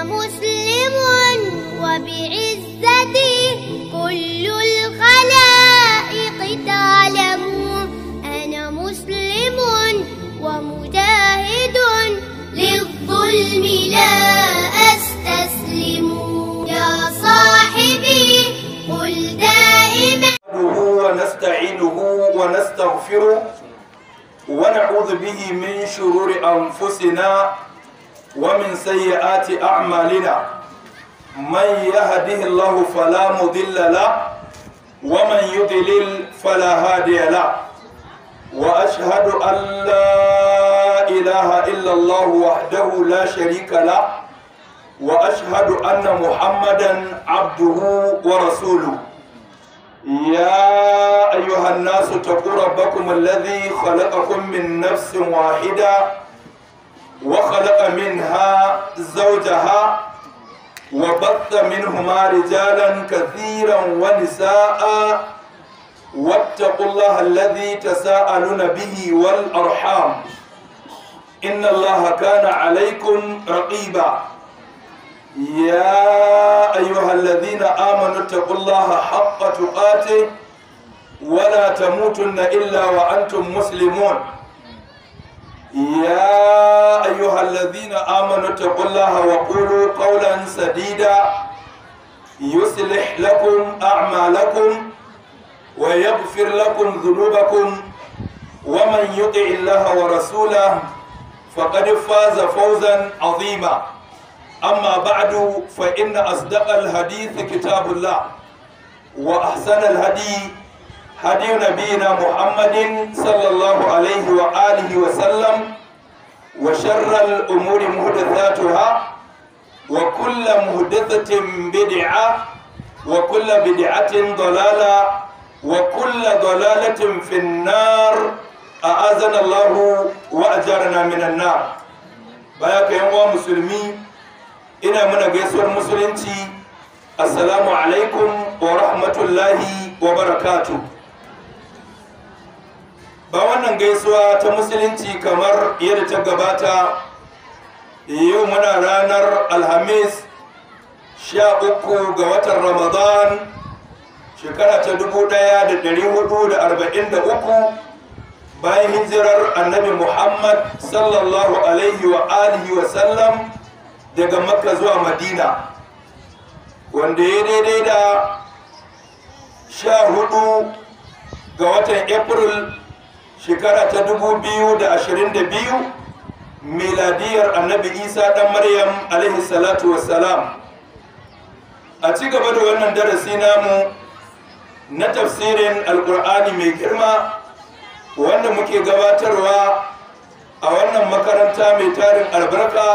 أنا مسلم وبعزتي كل الخلائق تعلم أنا مسلم ومجاهد للظلم لا أستسلم يا صاحبي قل دائما ونستعينه ونستغفره ونعوذ به من شرور أنفسنا ومن سيئات أعمالنا من يهده الله فلا مضل له ومن يضلل فلا هادي له وأشهد أن لا إله إلا الله وحده لا شريك له وأشهد أن محمدا عبده ورسوله يا أيها الناس اتقوا ربكم الذي خلقكم من نفس واحده وخلق منها زوجها وبث منهما رجالا كثيرا ونساء واتقوا الله الذي تساءلون به والأرحام إن الله كان عليكم رقيبا يا أيها الذين آمنوا اتقوا الله حق تقاته ولا تموتن إلا وأنتم مسلمون يا أيها الذين آمنوا اتقوا الله وقولوا قولا سديدا يصلح لكم أعمالكم ويغفر لكم ذنوبكم ومن يطع الله ورسوله فقد فاز فوزا عظيما أما بعد فإن أصدق الحديث كتاب الله وأحسن الهدي hadin nabina muhammadin sallallahu alaihi wa alihi wa sallam wa sharral umuri muhdathatuha wa kullu muhdathatin bid'a wa bid'atin dalala wa kullu dalalatin fin nar a'azana Allah wa ajarna min an-nar baya kayan wa ina muna gaisuwar musulunci assalamu alaikum wa rahmatullahi wa barakatu. ba wannan gaisuwa ta musulunci kamar yadda ta gabata yau muna ranar alhamis sha uku ga watan ramadan shekara ta dubu daya da dari hudu da arba'in da uku bayan hijirar annabi muhammad sallallahu alaihi wa alihi wa sallam daga makka zuwa madina wanda ya daidai da sha hudu ga watan april shekara ta biyu. miladiyar annabi isa dan maryam alaihi salatu wassalam a ci gaba da wannan darasi namu na tafsirin alkur'ani mai girma wanda muke gabatarwa a wannan makaranta mai tarin albarka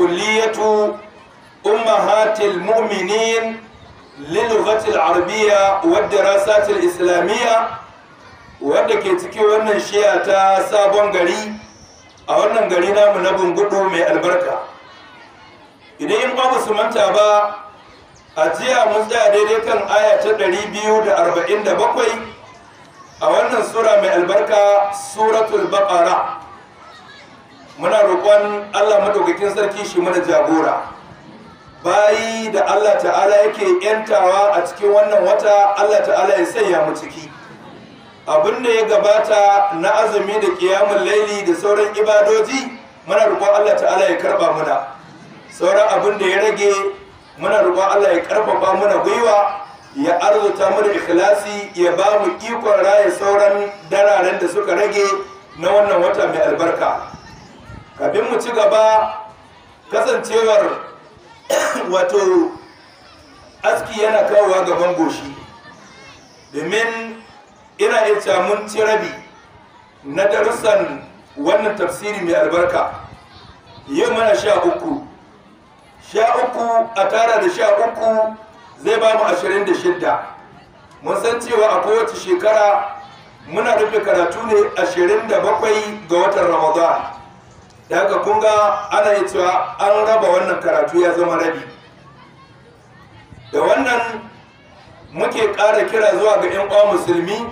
kulliyatu ummahatil mu'minin lilughatil arabiyya wad dirasatil islamiyya Wanda ke cikin wannan shiya ta sabon gari a wannan gari namu na bungudu mai albarka idan in ba su manta ba a jiya mun tsaya daidai kan aya ta bakwai, a wannan sura mai albarka suratul baqara muna roƙon Allah madaukakin sarki shi mana jagora bayi da Allah ta'ala yake yantawa a cikin wannan wata Allah ta'ala ya sanya mu ciki abin da ya gabata na azumi da kiyamun laili da sauran ibadoji muna roƙon Allah ta'ala ya karba muna sauran abin da ya rage muna roƙon Allah ya karfafa muna gwiwa ya arzuta mu da ikhlasi ya ba mu ikon raye sauran dararen da suka rage na wannan wata mai albarka Kabin mu ci gaba kasancewar wato aski yana kawowa gaban goshi domin ina iya cewa mun ci rabi na darussan wannan tafsiri mai albarka yau mana sha uku sha uku a tara da sha uku zai ba mu ashirin da shidda mun san cewa a kowace shekara muna rufe karatu ne ashirin da bakwai ga watan ramadan da haka kun ga ana yi cewa an raba wannan karatu ya zama rabi da wannan muke ƙara kira zuwa ga 'yan uwa musulmi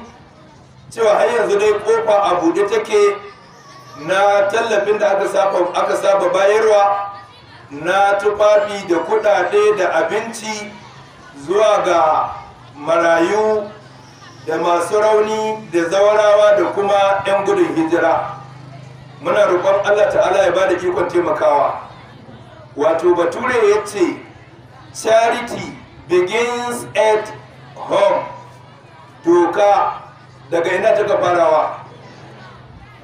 cewa har yanzu dai kofa a buɗe take na tallafin da aka saba bayarwa na tufafi da kuɗaɗe da abinci zuwa ga marayu da masu rauni da zawarawa da kuma 'yan gudun hijira muna roƙon allah ta'ala ya ba da ikon taimakawa wato bature ya ce charity begins at Doka toka daga ina taka farawa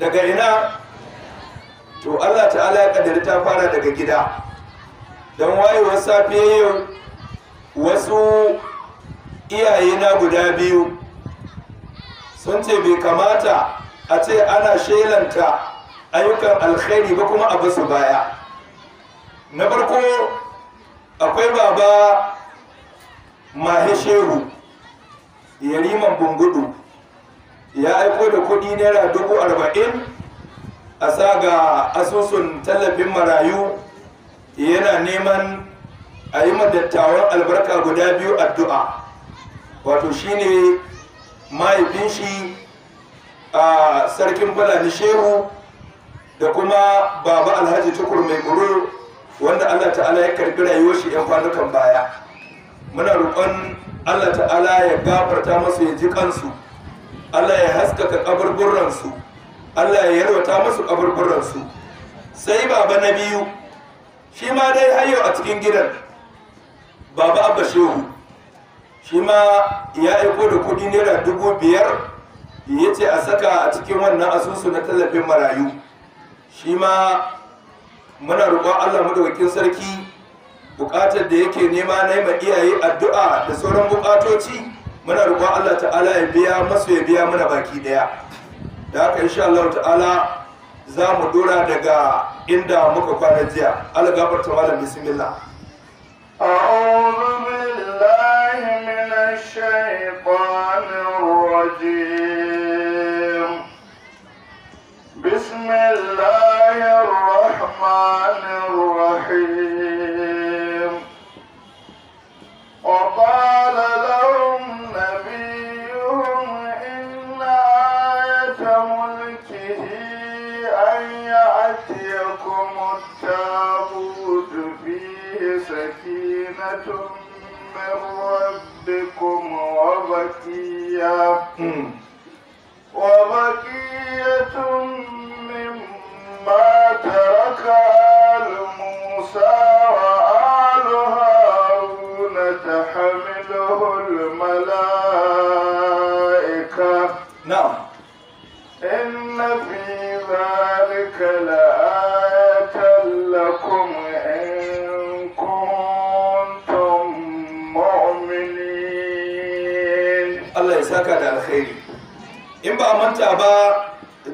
daga ina to Allah ta'ala ya kaddara ta fara daga gida don wayewar safiya yau wasu iyaye na guda biyu sun ce bai kamata a ce ana shelanta ayyukan alkhairi ba kuma a basu baya na farko akwai baba mahe shehu yariman bungudu ya aiko da kuɗi naira dubu arba'in a sa ga asusun tallafin marayu yana neman a yi dattawan albarka guda biyu addu'a wato shine mahaifin shi a sarkin fulani shehu da kuma baba alhaji tukur mai guru wanda allah ta'ala ya karbi rayuwar shi 'yan kwanukan baya muna roƙon Allah ta'ala ya gafarta masu ya ji kansu Allah ya haskaka kaburburansu Allah ya yarwata masu kaburburansu sai baba na biyu shi ma dai hayo a cikin gidan baba abba shehu shi ma ya aiko da kudi naira dubu biyar ya ce a saka a cikin wannan asusu na tallafin marayu shi ma muna roƙon Allah madawakin sarki bukatar da yake nema na ma iyaye addu'a da sauran bukatoci muna roƙon Allah ta'ala ya biya masu ya biya muna baki daya da haka insha Allah ta'ala za mu dora daga inda muka kwana jiya Allah gafarta malam bismillah a'udhu billahi minash وقال لهم نبيهم إن آية ملكه أن يأتيكم التابوت فيه سكينة من ربكم وبكية وبكية مما تابوت na'am inna fi zalika la'atan lakum in kuntum mu'minin Allah ya saka da alkhairi in ba manta ba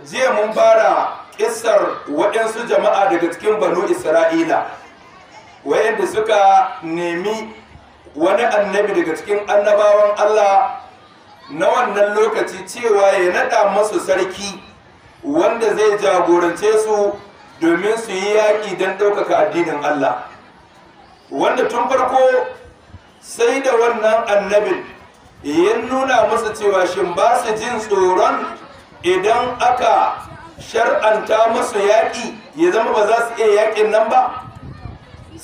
jiya mun fara kissar waɗansu jama'a daga cikin banu isra'ila wayanda suka nemi wani annabi daga cikin annabawan allah na wannan lokaci cewa ya naɗa masu sarki wanda zai jagorance su domin su yi yaƙi don ɗaukaka addinin Allah wanda tun farko sai da wannan annabin ya nuna masa cewa shin ba su jin tsoron idan aka shar'anta musu yaƙi ya zama ba za su iya yaƙin nan ba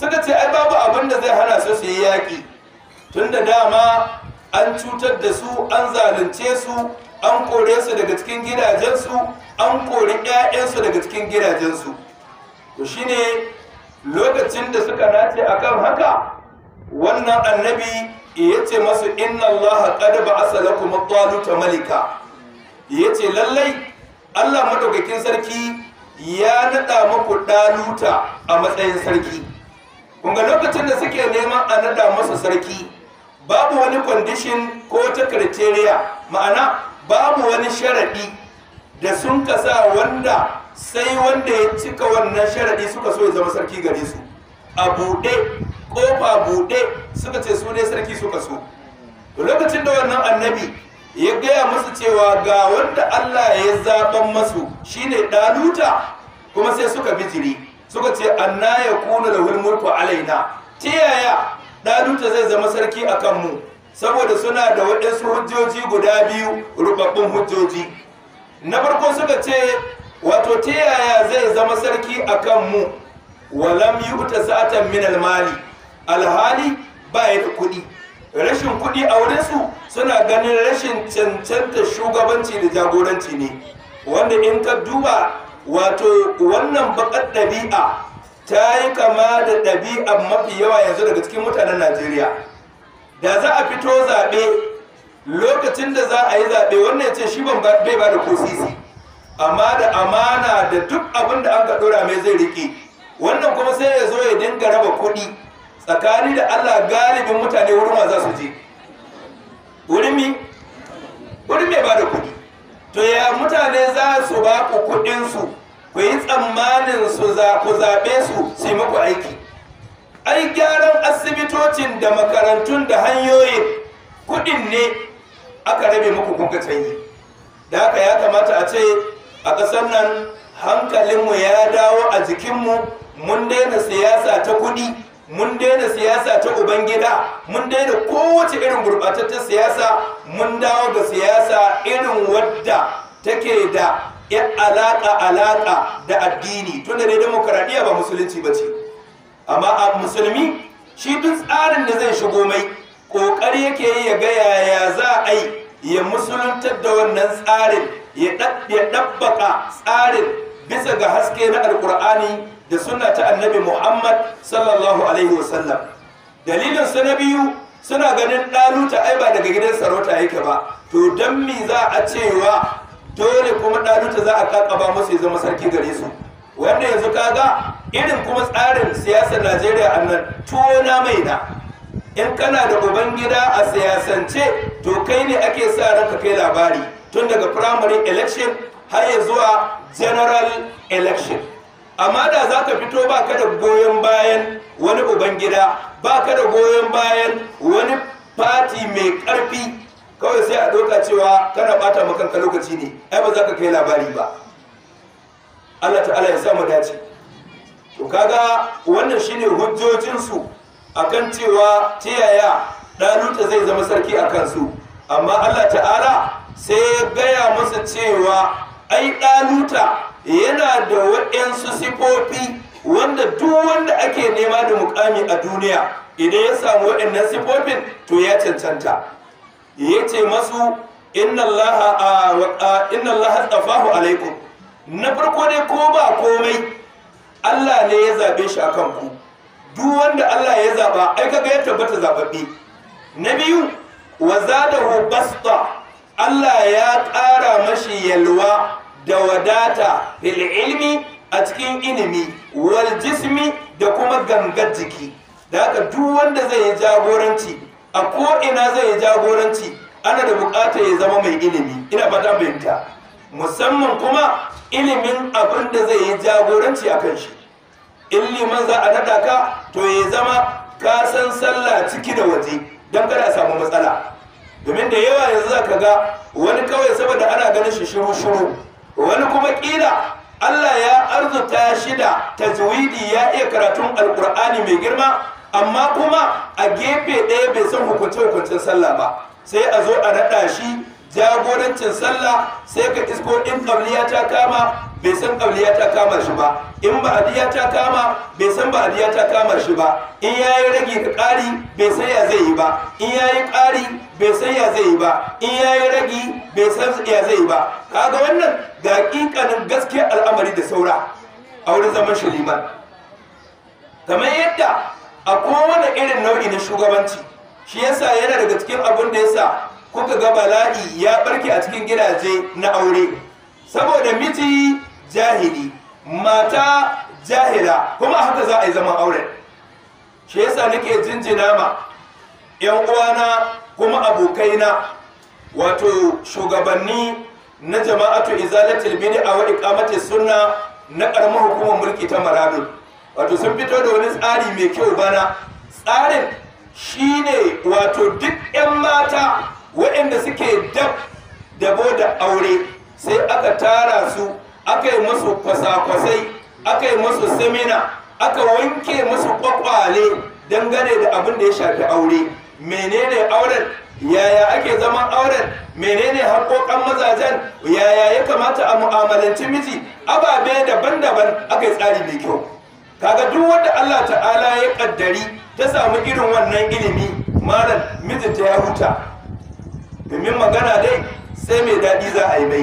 suka ce ai babu abin da zai hana su su yi yaƙi tun da dama an cutar da su an zalunce su an kore su daga cikin gidajensu an kori 'ya'yansu daga cikin gidajensu to shine lokacin da suka nace akan haka wannan annabi yace masu inna allaha qad ba'asa lakum at-taluta malika yace lallai allah madaukakin sarki ya nada muku daluta a matsayin sarki kun ga lokacin da suke neman a nada masa sarki babu wani condition ko ta criteria ma'ana babu wani sharaɗi da sun kasa wanda sai wanda ya cika wannan sharaɗi suka so ya zama sarki gare su a buɗe kofa buɗe suka ce su ne sarki suka so lokacin da wannan annabi ya gaya musu cewa ga wanda Allah ya zaɓan masu shine ɗaluta kuma sai suka bijiri suka ce anna ya kuna da mulku alaina ta yaya ɗaluta zai zama sarki a kanmu saboda suna da waɗansu hujjoji guda biyu rubabbin hujjoji na farko suka ce wato ta yaya zai zama sarki a kanmu walam yi uta sa'atan min almali alhali ba ya da kuɗi rashin kuɗi a wurinsu suna ganin rashin cancanta shugabanci da jagoranci ne wanda in ka duba wato wannan baƙar ɗabi'a ta yi kama da ɗabi'a mafi yawa yanzu daga cikin mutanen najeriya da za a fito zaɓe lokacin da za a yi zaɓe wannan ce shi ban bai ba da kosisi amma da amana da duk abin da aka ɗora mai zai riƙe wannan kuma sai ya zo ya dinga raba kuɗi tsakani da allah galibin mutane wurin ma za su je wurin mi wurin mai ba da kuɗi to ya mutane za su ba ku kuɗinsu ku yi tsammanin su ku zaɓe su su muku aiki ai gyaran asibitocin da makarantun da hanyoyi kuɗin ne aka rabe muku kuka canyi da haka ya kamata a ce a ƙasar nan hankalinmu ya dawo a jikinmu mun daina siyasa ta kuɗi mun daina siyasa ta ubangida mun daina kowace irin gurɓatattar siyasa mun dawo ga siyasa irin wadda take da ya alaƙa alaƙa da addini tunda dai demokradiya ba musulunci ba ce amma a musulmi shi duk tsarin da zai shigo mai ƙoƙari yake yi ya ga yaya za a yi ya musuluntar da wannan tsarin ya ɗabbaƙa tsarin bisa ga haske na alkur'ani da sunna ta annabi muhammad sallallahu alaihi wasallam dalilin su na biyu suna ganin ɗaluta ai ba daga gidan sarauta yake ba to don mi za a cewa dole kuma ɗaluta za a kakaba musu ya zama sarki gare su wanda yanzu kaga irin kuma tsarin siyasar najeriya a nan tuwo na mai na in kana da babban gida a siyasance to kai ne ake sa ranka kai labari tun daga primary election har ya zuwa general election amma da za ka fito ba ka da goyon bayan wani babban gida ba ka da goyon bayan wani fati mai karfi. kawai sai a ɗauka cewa kana bata makanka lokaci ne ai ba za ka kai labari ba Allah ta'ala ya sa mu dace to kaga wannan shine hujjojin su akan cewa ta yaya daluta zai zama sarki a kansu amma Allah ta'ala sai ya gaya musu cewa ai daluta yana da waɗansu sifofi wanda duk wanda ake nema da mukami a duniya idan ya samu waɗannan sifofin to ya cancanta Ya ce masu inna allaha inna allaha alaikum na farko dai ko ba komai Allah ne ya zabe shi akan ku duk wanda Allah ya zaba ai kaga ya tabbata zababbe na biyu wa zadahu basta Allah ya ƙara mashi yalwa da wadata fil ilmi a cikin ilimi wal jismi da kuma gangar jiki da haka duk wanda zai yi jagoranci a ko'ina zai yi jagoranci ana da bukatar ya zama mai ilimi ina fata binta musamman kuma ilimin abin da zai yi jagoranci a kan shi ilimin za a nada ka to ya zama ka san sallah ciki da waje don kada a samu matsala domin da yawa yanzu za ka ga wani kawai saboda ana ganin shi shiru shiru wani kuma kila Allah ya arzuta shida da tajwidi ya iya karatun alkur'ani mai girma amma kuma a gefe ɗaya bai san hukunce hukuncin sallah ba sai a zo a naɗa shi jagorancin sallah sai ka isko in ƙabliya ta kama bai san ƙabliya ta kama shi ba in ba'adiyya ta kama bai san ba'adiyya ta kama shi ba in yayi rage ka ƙari bai san ya zai yi ba in yayi ƙari bai san ya zai yi ba in yayi rage bai san ya zai yi ba kaga wannan ga ƙiƙanin gaskiyar al'amari da saura a wurin zaman shaliman kamar yadda a kowane irin nau'i na shugabanci shi yasa yana daga cikin abin da ya sa kuka ga bala'i ya barke a cikin gidaje na aure saboda miji jahili mata jahila kuma haka za a yi zaman aure. shi yasa nake jinjina ma yan uwana kuma abokaina wato shugabanni na jama'atu izalatul bid'a wa iqamati sunna na karamar hukumar mulki ta maradun wato sun fito da wani tsari mai kyau bana tsarin shine wato duk 'yan mata waɗanda suke dab dabo da aure sai aka tara su aka yi musu kwasa-kwasai aka yi masu semina aka wanke musu kwakwale dangane da abin da ya shafi aure menene auren yaya ake zaman auren menene haƙoƙan mazajen yaya ya kamata a mu'amalanci miji ababe daban-daban aka yi tsari mai kyau kaga duk wanda Allah ta'ala ya kaddari ta samu irin wannan ilimi malam ta ya huta domin magana dai sai mai daɗi za a yi mai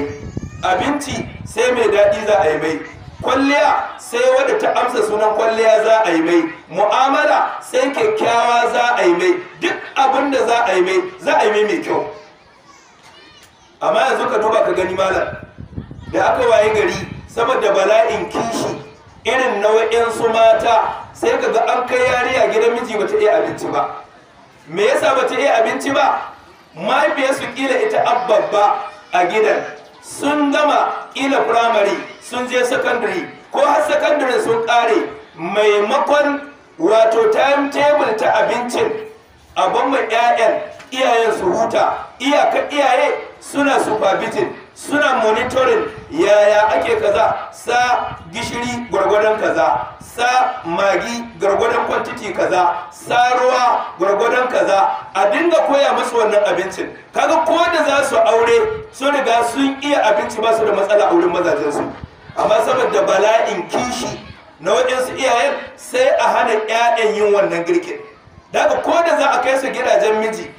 abinci sai mai daɗi za a yi mai kwalliya sai wadda ta amsa sunan kwalliya za a yi mai mu'amala sai kyakkyawa za a yi mai duk abin da za a yi mai za a yi mai mai kyau amma yanzu ka duba ka gani malam da aka waye gari saboda bala'in kishi irin nau'in su mata sai ka ga an kai a gidan miji ba ta iya abinci ba me yasa ta iya abinci ba mahaifiyarsu kila ita abbabba a gidan sun gama kila firamare sun je sakandare ko har sakandare sun kare maimakon wato timetable ta abincin abin mai 'ya'yan iyayen su huta iyaka iyaye suna supervision suna monitorin yaya ake kaza sa gishiri gwargwadon kaza sa magi gwargwadon kwantiti kaza sa ruwa gwargwadon kaza a dinga koya musu wannan abincin kaga ko da za su aure sun riga sun iya abinci ba su da matsala a wurin mazajensu amma saboda bala'in kishi na waɗansu iyayen sai a hana 'ya'yan yin wannan girkin daga ko da za a kai su gidajen miji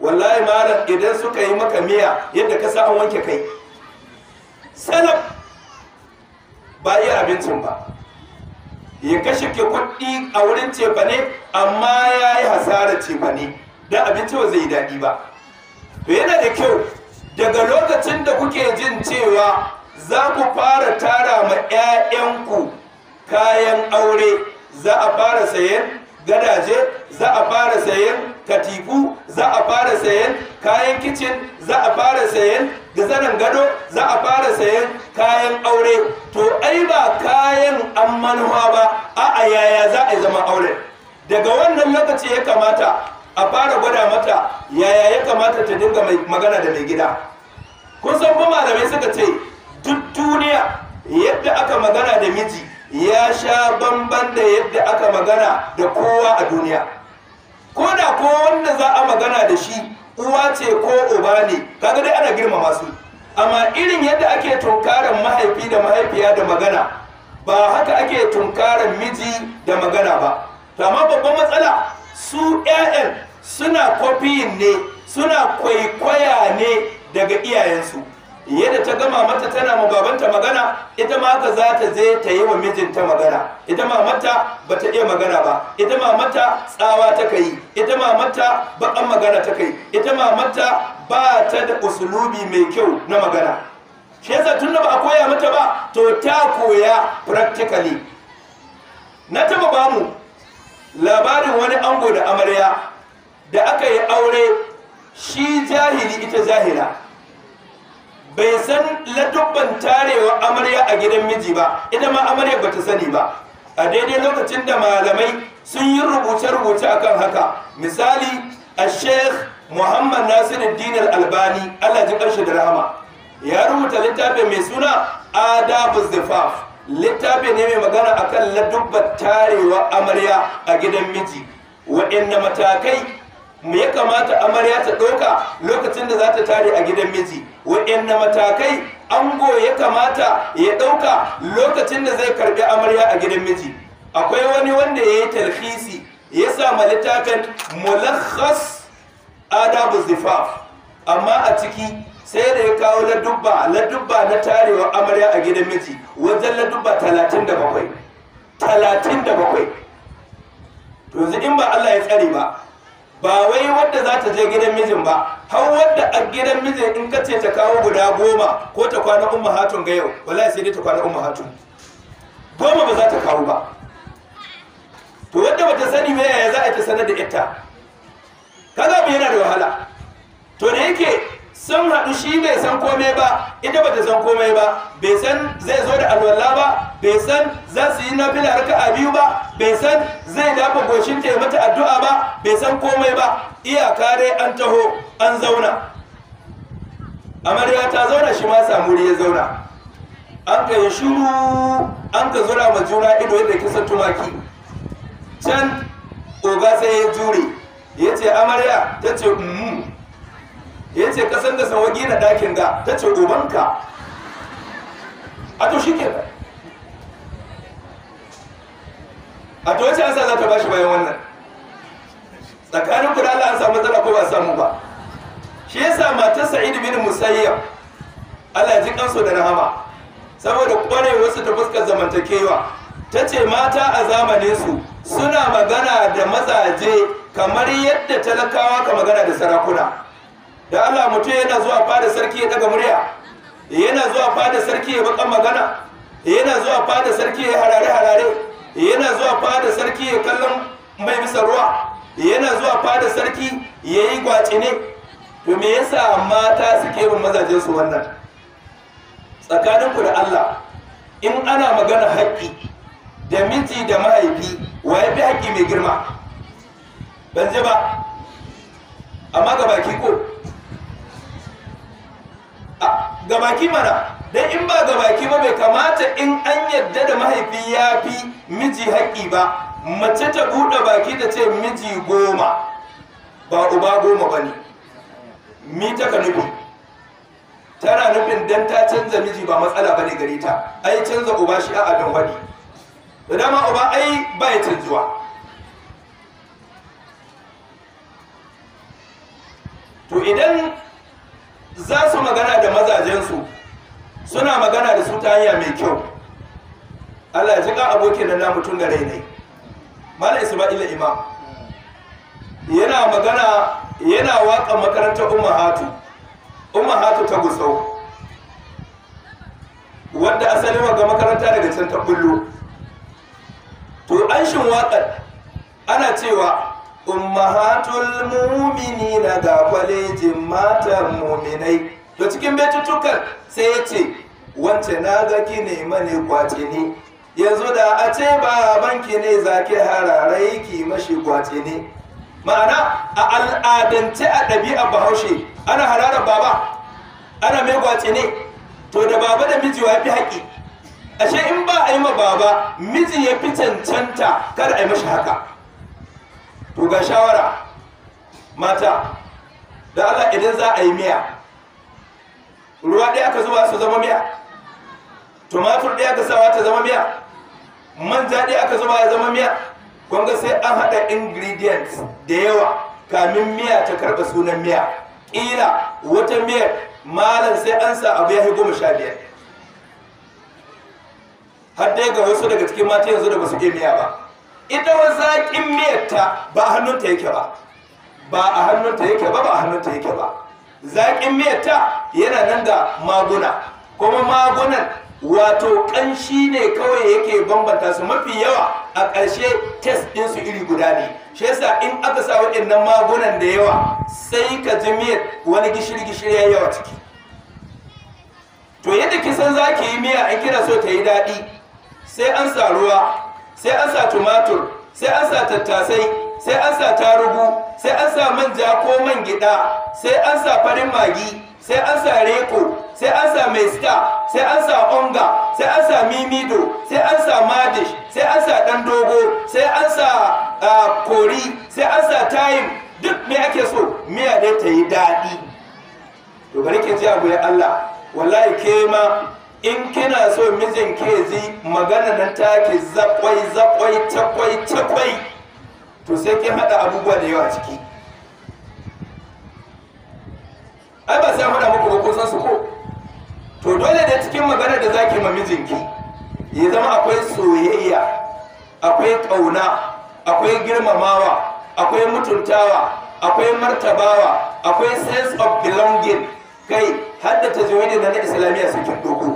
wallahi malam idan suka yi maka miya yadda ka sa an wanke kai salaf ba iya abincin ba ya kashe ke kuɗi a wurin cefane amma ya yi hasarar cefane don abinci ba zai yi daɗi ba to yana da kyau daga lokacin da kuke jin cewa za ku fara tara ma 'ya'yanku kayan aure za a fara sayen gadaje za a fara sayen katifu za a fara sayan kayan kicin za a fara sayan zanen gado za a fara sayan kayan aure to ai ba kayan an manuwa ba a yaya za a zama aure daga wannan lokaci ya kamata a fara gwada mata yaya ya kamata ta dinga magana da mai gida kun san kuma malamai suka ce duk duniya yadda aka magana da miji ya sha bamban da yadda aka magana da kowa a duniya ko da ko wanda za a magana da shi uwa ce ko uba ne kaga dai ana girmama su amma irin yadda ake tunkaran mahaifi da mahaifiya da magana ba haka ake tunkaran miji da magana ba amma babban matsala su ƴaƴan suna kwafiyin ne suna kwaikwaya ne daga iyayensu yadda ta gama mata tana babanta magana ita ma haka za ta je ta yi wa mijinta magana ita ma mata ba ta iya magana ba ita ma mata tsawa ta kai ita ma mata baƙan magana ta kai ita ma mata ba ta da usulubi mai kyau na magana shi yasa tun da ba a koya mata ba to ta koya practically na taba bamu labarin wani ango da amarya da aka yi aure shi jahili ita jahila bai san ladubban tarewa amarya a gidan miji ba ita ma amarya bata sani ba a daidai lokacin da malamai sun yi rubuce-rubuce akan haka misali a sheikh muhammad nasiruddin albani allah ji ƙarshe da rahama ya rubuta littafi mai suna adabu zifaf littafi ne mai magana akan ladubban tarewa amarya a gidan miji waɗanne matakai ya kamata amarya ta ɗauka lokacin da za ta tare a gidan miji waɗanne matakai ango ya kamata ya ɗauka lokacin da zai karɓi amarya a gidan miji akwai wani wanda ya yi talhisi ya samu littafin mulakhas adabu zifaf amma a ciki sai da ya kawo ladubba ladubba na tarewa amarya a gidan miji wajen ladubba talatin da bakwai talatin da bakwai to yanzu in ba Allah ya tsare ba ba wai wadda za ta je gidan mijin ba har wadda a gidan mijin in ka ce ta kawo guda goma ko ta kwana umma hatun ga yau wallahi sai dai ta kwana umma hatun goma ba za ta kawo ba to wadda bata sani me ya za a ta sanar da ita kaga me yana da wahala to da yake sun haɗu shi bai san komai ba ita bata san komai ba bai san zai zo da alwala ba bai san za su yi na raka a biyu ba bai san zai dafa goshin ta mata addu'a ba bai san komai ba iyaka dai an taho an zauna amarya ta zauna shi ma samu ya zauna an ka yi shuru an ka zura ma juna ido yadda kisan tumaki can oga sai ya jure ya ce amarya ta ce mm-hmm. ya ce kasan da sawagi na dakin da ta ce ubanka a to shi ke a to wace ansa za ta bashi bayan wannan tsakanin ku da Allah an samu matsala ko ba samu ba shi yasa matar Sa'id bin Musayyab Allah ya ji kansu da rahama saboda wasu ta fuskar zamantakewa ta ce mata a zamanin su suna magana da mazaje kamar yadda talakawa ka magana da sarakuna da Allah mutum yana zuwa fada sarki ya daga murya yana zuwa fada sarki ya bakan magana yana zuwa fada sarki ya harare harare yana zuwa fada sarki ya kallon mai bisa ruwa yana zuwa fada sarki ya yi gwacine to me yasa mata suke yin mazajen su wannan tsakaninku da Allah in ana magana haƙƙi da miji da mahaifi wa ya fi haƙƙi mai girma ban ji ba amma ga baki ko gabaki mana dan in ba ga baki ba bai kamata in an yadda da mahaifi ya fi miji haƙƙi ba mace ta buɗe baki ta ce miji goma ba uba goma ba ne mi ta ka nufi tana nufin dan ta canza miji ba matsala ba ne gare ta ai canza uba shi a abin wani da dama uba ai ba ya canzuwa to idan za su magana da mazajensu suna magana da su ta hanya mai kyau allah ya ji ka abokin nan namu tun gare ne mala isma'il imam yana magana yana waka makarantar ummahatu ummahatu ta gusau wanda asali ga makaranta daga can ta bullo to an shin waƙar ana cewa ummahatul mu'minina ga kwalejin matan mu'minai to cikin betutukan sai ya ce wance na ga ki ne mane kwace ne yanzu da a ce ba babanki ne zaki hararai ki mashi kwace ne ma'ana a al'adance a ɗabi'a bahaushe ana hararar baba ana mai kwace ne to da baba da miji ya fi haƙi ashe in ba a yi ma baba miji ya fi cancanta kar a yi mashi haka to ga shawara mata da Allah idan za a yi miya ruwa ɗaya ka zuba su zama miya tumatur ɗaya ka sawa ta zama miya manja ɗaya ka zuba ya zama miya kwanga sai an haɗa ingredients da yawa kamin miya ta karɓa sunan miya ƙila wata miyar malam sai an sa abu ya yi goma sha biyar har dai ga wasu daga cikin mata yanzu da ba su iya miya ba ita wa zaƙin miyarta ba a hannunta yake ba ba a hannunta yake ba ba a hannunta yake ba zaƙin miyarta yana nan da maguna kuma magunan wato ƙanshi ne kawai yake bambanta su mafi yawa a ƙarshe test ɗinsu iri guda ne shi yasa in aka sa waɗannan magunan da yawa sai ka ji miyar wani gishiri gishiri ya yawa ciki to yadda kisan za ki yi miya in kira so ta yi daɗi sai an sa ruwa sai an sa tumatur sai an sa tattasai sai an sa tarugu sai an sa manja ko man gida sai an sa farin magi sai an sa reko sai an sa mesta sai an sa onga sai an sa mimido sai an sa madish sai an sa dan dogo sai an sa kori sai an sa time duk me ake so miya dai ta yi daɗi to bari ke ji abu ya Allah wallahi ke ma in kina so mijin ke ji magana na take zakwai zakwai takwai takwai to sai ke hada abubuwa da yawa ciki ai ba sai hada muku ko san su ko to dole da cikin magana da zaki ma mijin ki, ya zama akwai soyayya akwai kauna akwai girmamawa akwai mutuntawa akwai martabawa akwai sense of belonging kai har da tajwidi da na islamiyya su kin doko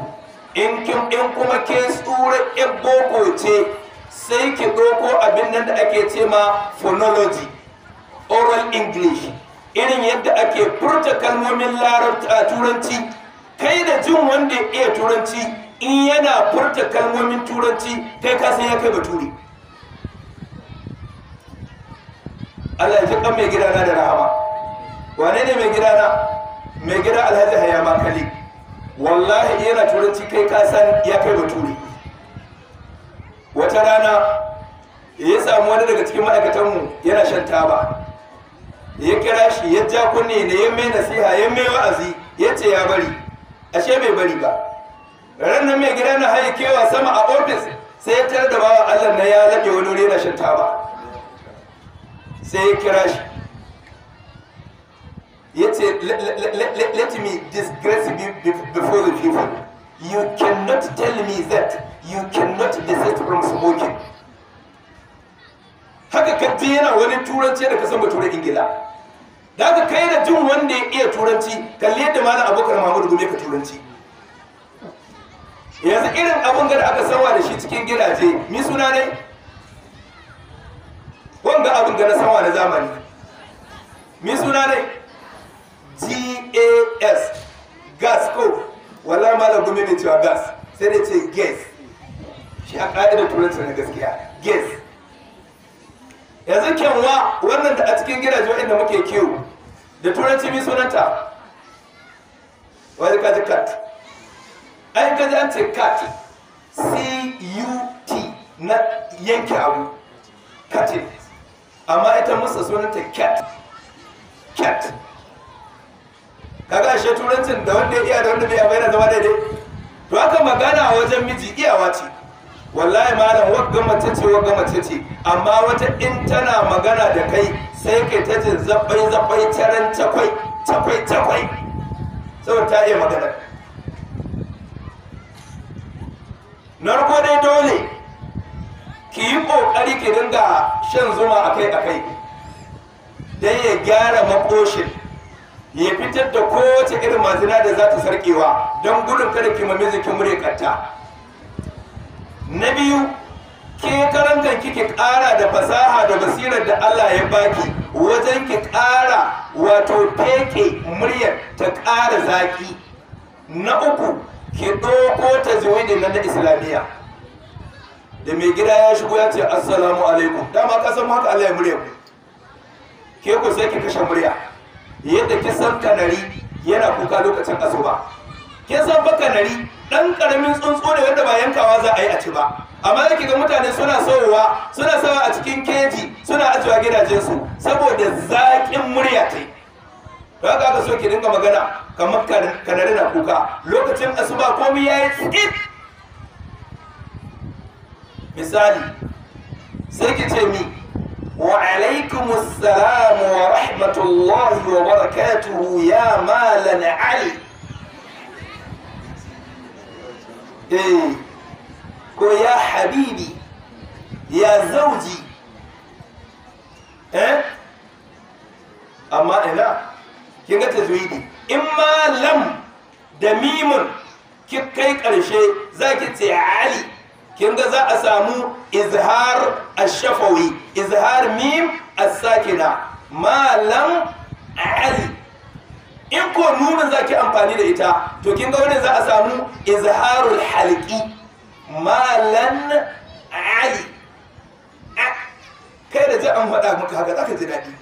in kin in kuma ke tsura in boko ce sai ki doko abin nan da ake ce ma phonology oral english irin yadda ake furta kalmomin larabta turanci kai da jin wanda ya iya turanci in yana furta kalmomin turanci kai ka san ya kai baturi Allah ya ji kan mai gidana da rahama wane ne mai gidana mai gida alhaji haya makali wallahi yana turanci kai kasan ya kai bature wata rana ya samu wani daga cikin ma'aikatanmu yana shan taba ya kira shi ya ja kunne ne ya mai nasiha ya mai wa'azi ya ce ya bari ashe mai bari ba ranar mai gida na haye kewa sama a ofis sai ya tarar da bawa allah na ya laɓe wani wuri yana shan taba sai ya kira shi ya ce let me disgrace before the people you cannot tell me that you cannot desist from smoking haka kaddi yana wani turanci da ka kasan bature ingila da ka kai da jin wanda ya iya turanci kalli yadda malam abokan mahmud gume ka turanci yanzu irin abin da aka sawa da shi cikin gidaje mi suna ne wanga abin da na sawa na zamani mi suna ne gas gas ko wala malam gumi ne cewa gas sai dai ce gas shi a ƙa'idar turanci na gaskiya gas yanzu kyanwa wannan da a cikin gidajen inda muke kiwo da turanci mai sunanta wani kaji cat ai kaji an ce cat c-u-t na yanke abu kati amma ita musa sunanta cat cat kaga ashe turancin da wanda ya iya da wanda bai abai na zama daidai to haka magana a wajen miji iyawa ce wallahi malam wagga mace ce wagga mace ce amma wata in tana magana da kai sai kai ta jin zabbai zabbai taran takwai takwai takwai saboda ta iya magana narko dai dole ki yi kokari ki dinga shan zuma akai akai dan ya gyara makoshin ya fitar da kowace irin mazina da za ta sarkewa don gudun kada ki mamizu ki murekarta na biyu ke karantar kike ƙara da fasaha da basirar da Allah ya baki wajen ki ƙara wato feke muryar ta ƙara zaki. na uku ke ɗauko ta zuwini nan da islamiyya da mai gida ya shigo ya ce assalamu alaikum dama kasan haka Allah ya murya ku ke ku sai ki kashe murya yadda san kanari yana kuka lokacin asuba Ki san ba kanari dan karamin tsuntsu ne wanda ba yankawa za a yi a ci ba amma zaki ga mutane suna sauwa suna sawa a cikin keji suna ajiwa su saboda zaƙin murya ce don haka aka so ki dinga magana kamar kanari na kuka lokacin asuba komai yayi tsit misali sai ki ce mi وعليكم السلام ورحمة الله وبركاته يا مالا علي إيه يا حبيبي يا زوجي إيه أما إنا كيف تزويدي إما لم دميم كيف كيف قرشي زاكي علي kin ga za a samu izhar ash-shafawi izhar mim as-sakina malam ali in ko nunin zaki amfani da ita to kin ga wannan za a samu izharul halqi malan ali ah, kai da zai an faɗa maka haka zaka ji daɗi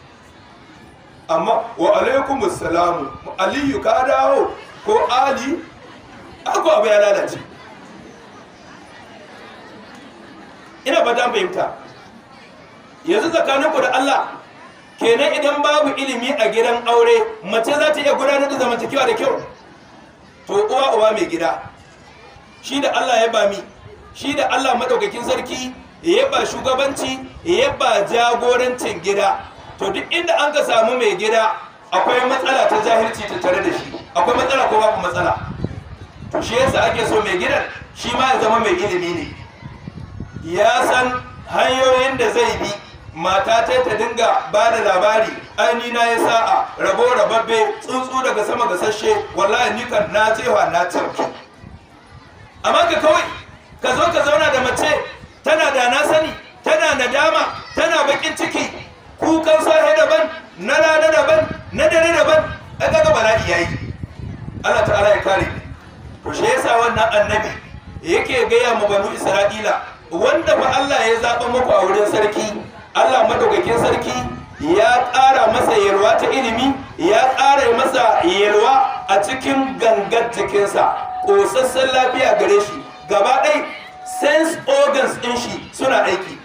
amma wa alaikum assalamu aliyu ka dawo ko ali akwai abu ya lalace ina ba dan fahimta yanzu tsakaninku da Allah kenan idan babu ilimi a gidan aure mace za ta iya gudanar da zamantakewa da kyau to uwa uwa mai gida shi da Allah ya ba mi shi da Allah madaukakin sarki ya ba shugabanci ya ba jagorancin gida to duk inda an ka samu mai gida akwai matsala ta jahilci ta tare da shi akwai matsala ko babu matsala to shi yasa ake so mai gidan shi ma ya zama mai ilimi ne ya san hanyoyin da zai bi mata ta ta dinga ba da labari aini na ya sa'a rabo rababbe tsuntsu daga sama ga sashe wallahi ni kan na cewa na tarki amma ka kawai ka zo ka zauna da mace tana da na sani tana nadama tana bakin ciki kukan sahe daban na rana daban na dare daban an ga ya yayi Allah ta'ala ya kare to shi yasa wannan annabi yake gaya mu banu Isra'ila wanda ba Allah ya zaɓa maku a wurin sarki Allah madaukakin sarki ya ƙara masa yalwa ta ilimi ya ƙara masa yalwa a cikin gangar jikinsa ƙosassan lafiya gare shi gaba ɗai sense organs ɗin shi suna aiki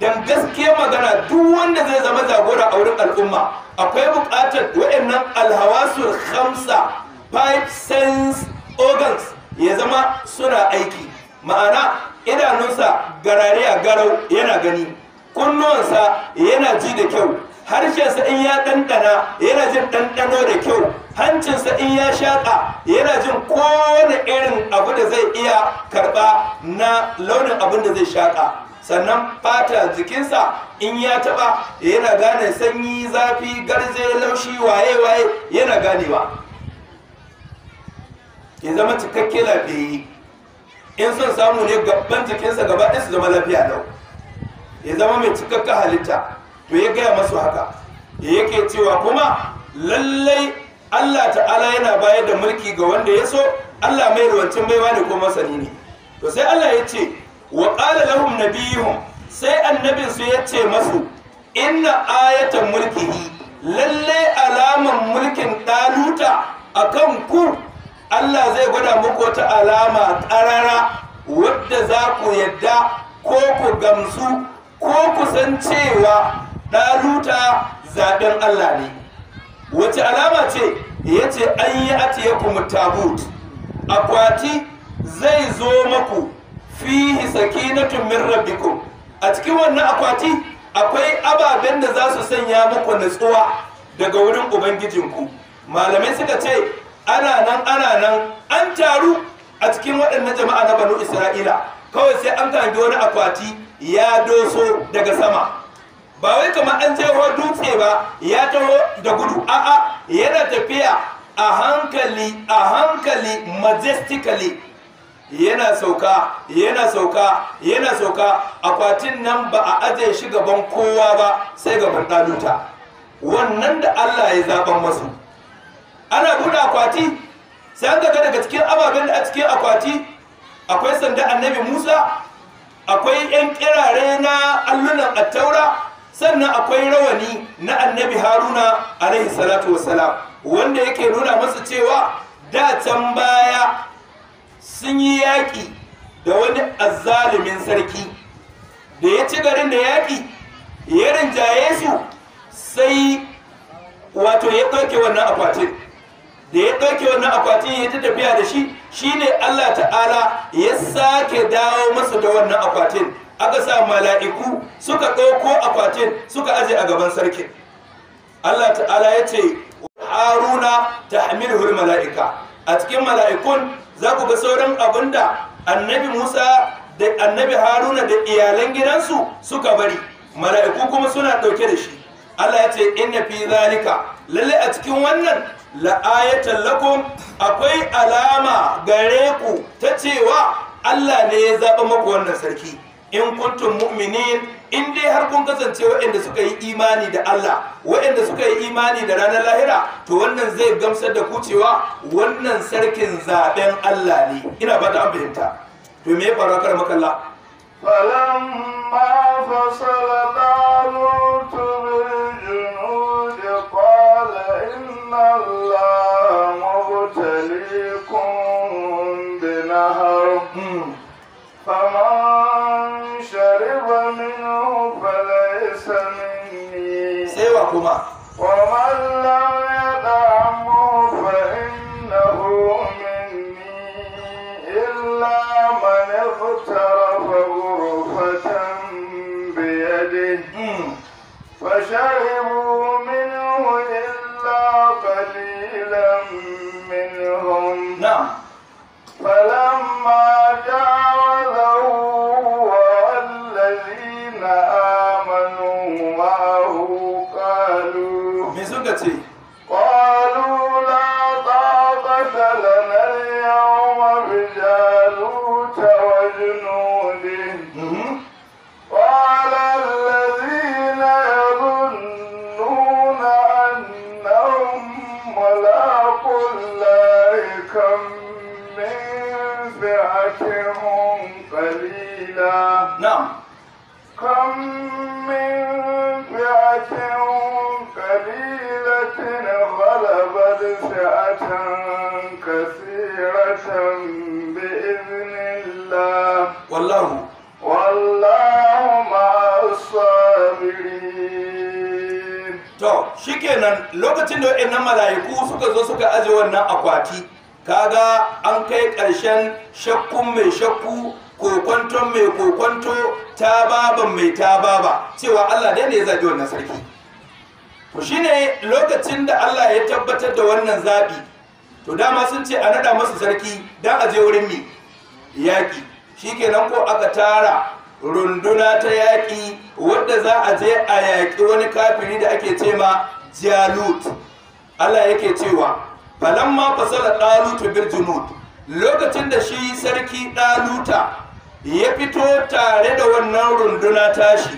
dan gaskiya magana duk wanda zai zama jagora a wurin al'umma akwai buƙatar waɗannan alhawasul khamsa five sense organs ya zama suna aiki ma'ana idanunsa garare a garau yana gani kunnuwansa yana ji da kyau harshensa in ya ɗanɗana yana jin ɗanɗano da kyau hancinsa in ya shaƙa yana jin kowane irin abu da zai iya karɓa na launin abin da zai shaƙa sannan fata jikinsa in ya taɓa yana gane sanyi zafi garje laushi waye waye yana ganewa ya zama cikakke lafiyayye in son samu ne gaban jikinsa gaba ɗaya su zama lafiya lau ya zama mai cikakka halitta to ya gaya masu haka ya yake cewa kuma lallai Allah ta'ala yana bayar da mulki ga wanda ya so Allah mai ruwancin baiwa ne ko masani ne to sai Allah ya ce wa ƙala lahum nabiyuhum sai annabin su ya ce masu inna ayatan mulki, lallai alaman mulkin ɗaluta, a kan ku Allah zai gwada muku wata alama ƙarara wadda za ku yadda ko ku gamsu ko ku san cewa ɗaruta zaɓen Allah ne wace alama ce ya ce an yi atiyakum tabut akwati zai zo maku fihi sakinatun min rabbikum a cikin wannan akwati akwai ababen da za su sanya muku natsuwa daga wurin ubangijinku malamai suka ce ana nan ana nan an taru a cikin waɗannan jama'a na banu isra'ila kawai sai an tangi wani akwati ya doso daga sama ba wai kamar an ho dutse ba ya taho da gudu a'a yana tafiya a hankali a hankali majestically yana sauka yana sauka yana sauka akwatin nan ba a ajiye shi gaban kowa ba sai gaban ɗaluta wannan da allah ya zaɓan masu ana buɗe akwati sai an daga daga cikin ababen da a cikin akwati akwai sanda annabi musa akwai yan kirare na allunan attaura sannan akwai rawani na annabi haruna alaihi salatu wasalam wanda yake nuna masa cewa da can baya sun yi yaƙi da wani azzalumin sarki da ya ci garin da yaƙi ya rinjaye su sai wato ya ɗauke wannan akwatin da ya ɗauke wannan akwatin ya ta tafiya da shi shi ne Allah ta'ala ya sake dawo masa da wannan akwatin aka sa mala'iku suka ɗauko akwatin suka aje a gaban sarkin Allah ta'ala ya ce haruna ta hamilu mala'ika a cikin mala'ikun za ku ga sauran abin da annabi musa da annabi haruna da iyalan gidansu suka bari mala'iku kuma suna ɗauke da shi Allah ya ce inna fi zalika lalle a cikin wannan la'ayatan lakum akwai alama gare ku ta cewa Allah ne ya zaɓa maku wannan sarki in kuntun mu'minin in dai har kun kasance waɗanda suka yi imani da Allah waɗanda suka yi imani da ranar lahira to wannan zai gamsar da ku cewa wannan sarkin zaɓen Allah ne ina ba ta an fahimta to me ya faru kar makalla falamma fasala الله بنهر فمن شرب منه فليس مني ومن يدعمه فإنه مني إلا من اغترف غرفة بيده hmm. فشربوا منه قليلا منهم نعم فلما جاوزه متعتهم قليلا نعم كم من فئة قليلة غلبت فئة كثيرة بإذن الله والله والله مع الصابرين to shikenan لو كنت waɗannan mala'iku suka zo suka aje wannan akwati kaga an kai ƙarshen shakkun mai shakku kokwanton mai kokwanto tababan mai baba cewa Allah dai ne ya zaɓi wannan sarki to shine lokacin da Allah ya tabbatar da wannan zaɓi to dama sun ce a naɗa masa sarki don a je wurin mi yaƙi shikenan ko aka tara runduna ta yaƙi wadda za a je a yaƙi wani kafiri da ake cema jalut Allah yake cewa falamma fasala dalutu bil lokacin da shi sarki Ɗaluta ya fito tare da wannan runduna tashi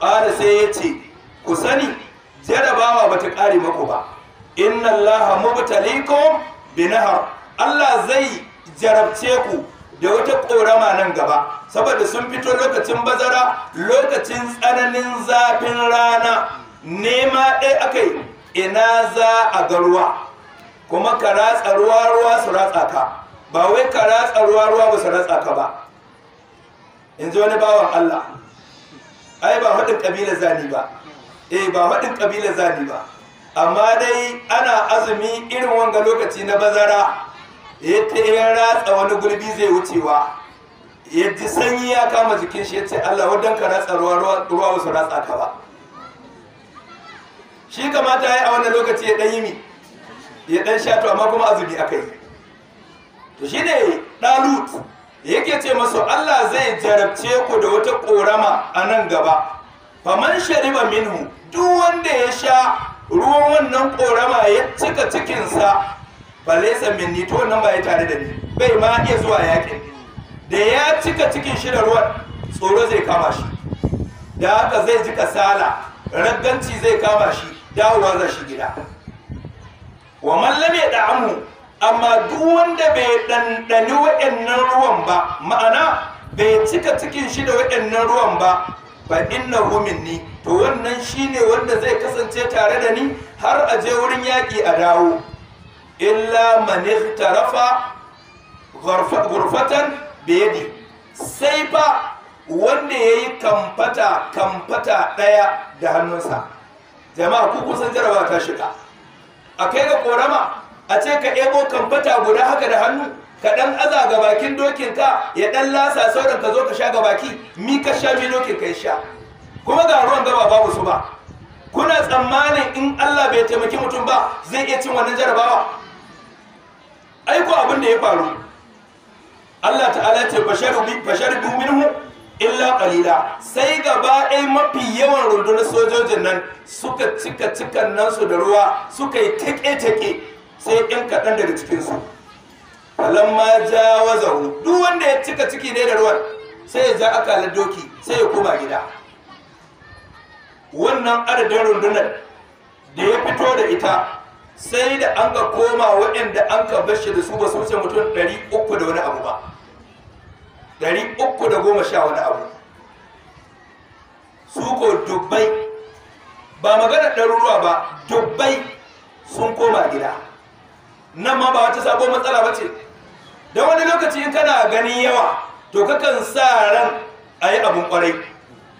ƙara sai ya ce ku sani jarabawa ta ƙare maku ba inna allaha mubtalikum bi nahar allah zai jarabce ku da wata ƙorama nan gaba saboda sun fito lokacin bazara lokacin tsananin zafin rana nema ɗaya akai ina za a garuwa kuma ka ratsa ruwa ruwa su ratsa ka ba wai ka ratsa ruwa ruwa ba su ratsa ka ba in ji wani bawan Allah ai ba haɗin ƙabilar zani ba eh ba haɗin ƙabilar zani ba amma dai ana azumi irin wanga lokaci na bazara ya ta ratsa wani gurbi zai wucewa ya ji sanyi ya kama jikin shi ya ce Allah wadan ka ratsa ruwa ruwa su ratsa ka ba shi kamata ya yi a wannan lokaci ya ɗan yi mi ya dan sha to amma kuma azumi aka yi to shine dalut yake ce masu Allah zai jarabce ku da wata korama a nan gaba faman shariba minhu duk wanda ya sha ruwan wannan korama ya cika cikinsa ba laisa minni to wannan ba ya tare da ni bai ma iya zuwa yakin da ya cika cikin shi da ruwan tsoro zai kama shi da haka zai ji kasala ragganci zai kama shi dawowa za shi gida wa man lam yad'amhu amma duk wanda bai dandani wa'annan ruwan ba ma'ana bai cika cikin shi da wa'annan ruwan ba fa innahu minni to wannan shine wanda zai kasance tare da ni har a je wurin yaƙi a dawo illa man ihtarafa ghurfatan biyadi sai fa wanda yayi kamfata kamfata ɗaya da hannunsa jama'a ku kusan jarabawa ta shiga a kai ga korama a ce ka ebo kamfata guda haka da hannu ka ɗan aza ga bakin dokin ka ya ɗan lasa sauran ka zo ka sha ga baki mi ka sha mi dokin ka sha kuma ga ruwan gaba babu su ba kuna tsammanin in Allah bai taimaki mutum ba zai iya cin wannan jarabawa aiko abin da ya faru Allah ta'ala ce fasharu minhu illa qalila sai gaba ɗaya mafi yawan rundunar sojojin nan suka cika cikan nan da ruwa suka yi take-take sai ɗin kaɗan daga cikinsu falamma jawazahu duk wanda ya cika ciki ne da ruwan sai ya ja akalar doki sai ya koma gida wannan adadin rundunar da ya fito da ita sai da an ga koma waɗanda an ka bashi da su ba su wuce mutum ɗari uku da wani abu ba Dari uku da goma sha wani abu su ko dubbai ba magana ɗaruruwa ba dubbai sun koma gida nan ma ba wata sabon matsala ba ce don wani lokaci in kana ganin yawa to kakan sa ran a yi abin kwarai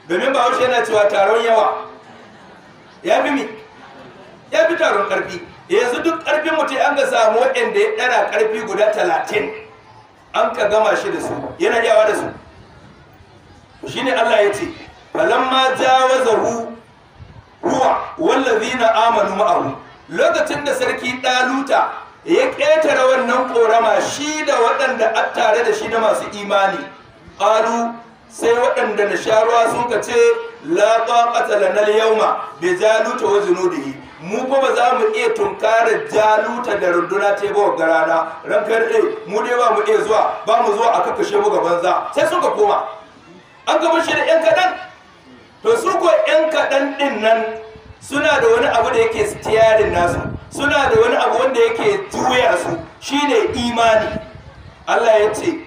domin ba haushe yana cewa taron yawa ya fi mi ya fi taron karfi yanzu duk karfin mutum an ga samu waɗanda ya ɗara karfi guda talatin an ka gama shi da su yana iyawa da su shine Allah ya ce falamma jawazahu huwa wallazina amanu ma'ahu lokacin da sarki daluta ya ƙetare wannan ƙorama shi da waɗanda a tare da shi na masu imani ƙalu sai waɗanda na sharuwa sun ka ce la ƙaƙata lanar yauma bai jaluta wa zunubihi mu ba ba za mu iya tunkarar jaluta da runduna ta ba ga rana ran karɗe mu dai ba mu iya zuwa ba mu zuwa a kashe mu gaban za. sai suka koma an gaban shi da yan kaɗan to su ko yan kaɗan ɗin nan suna da wani abu da yake tiyarin nasu suna da wani abu wanda yake juya su shine imani Allah ya ce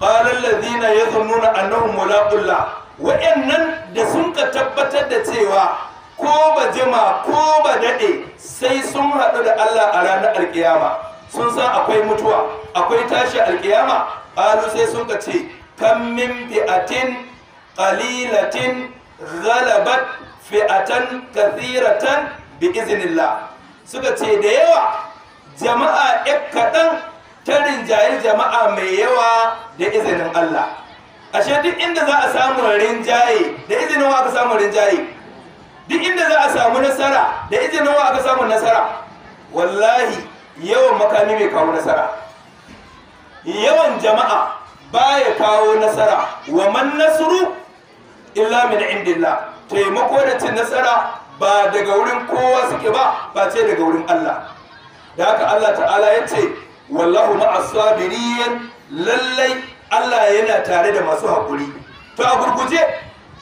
qalan ladhina yadhunnuna annahum mulaqullah wa'annan da sun ka tabbatar da cewa ko ba jima ko ba daɗe sai sun haɗu da Allah a ranar alkiyama sun san akwai mutuwa akwai tashi alkiyama ƙalu sai sun ce kan min fi'atin qalilatin ghalabat fi'atan kathiratan bi iznillah suka ce da yawa jama'a ɗan kaɗan ta rinjayi jama'a mai yawa da izinin Allah ashe duk inda za a samu rinjaye da izinin wa aka samu rinjaye duk inda za a samu nasara da ita nawa aka samu nasara wallahi yawan makami mai kawo nasara yawan jama'a baya kawo nasara wa man nasuru illa min indillah taimako da cin nasara ba daga wurin kowa suke ba ba ce daga wurin Allah da haka Allah ta'ala ya ce wallahu ma'as sabirin lallai Allah yana tare da masu haƙuri to a gurguje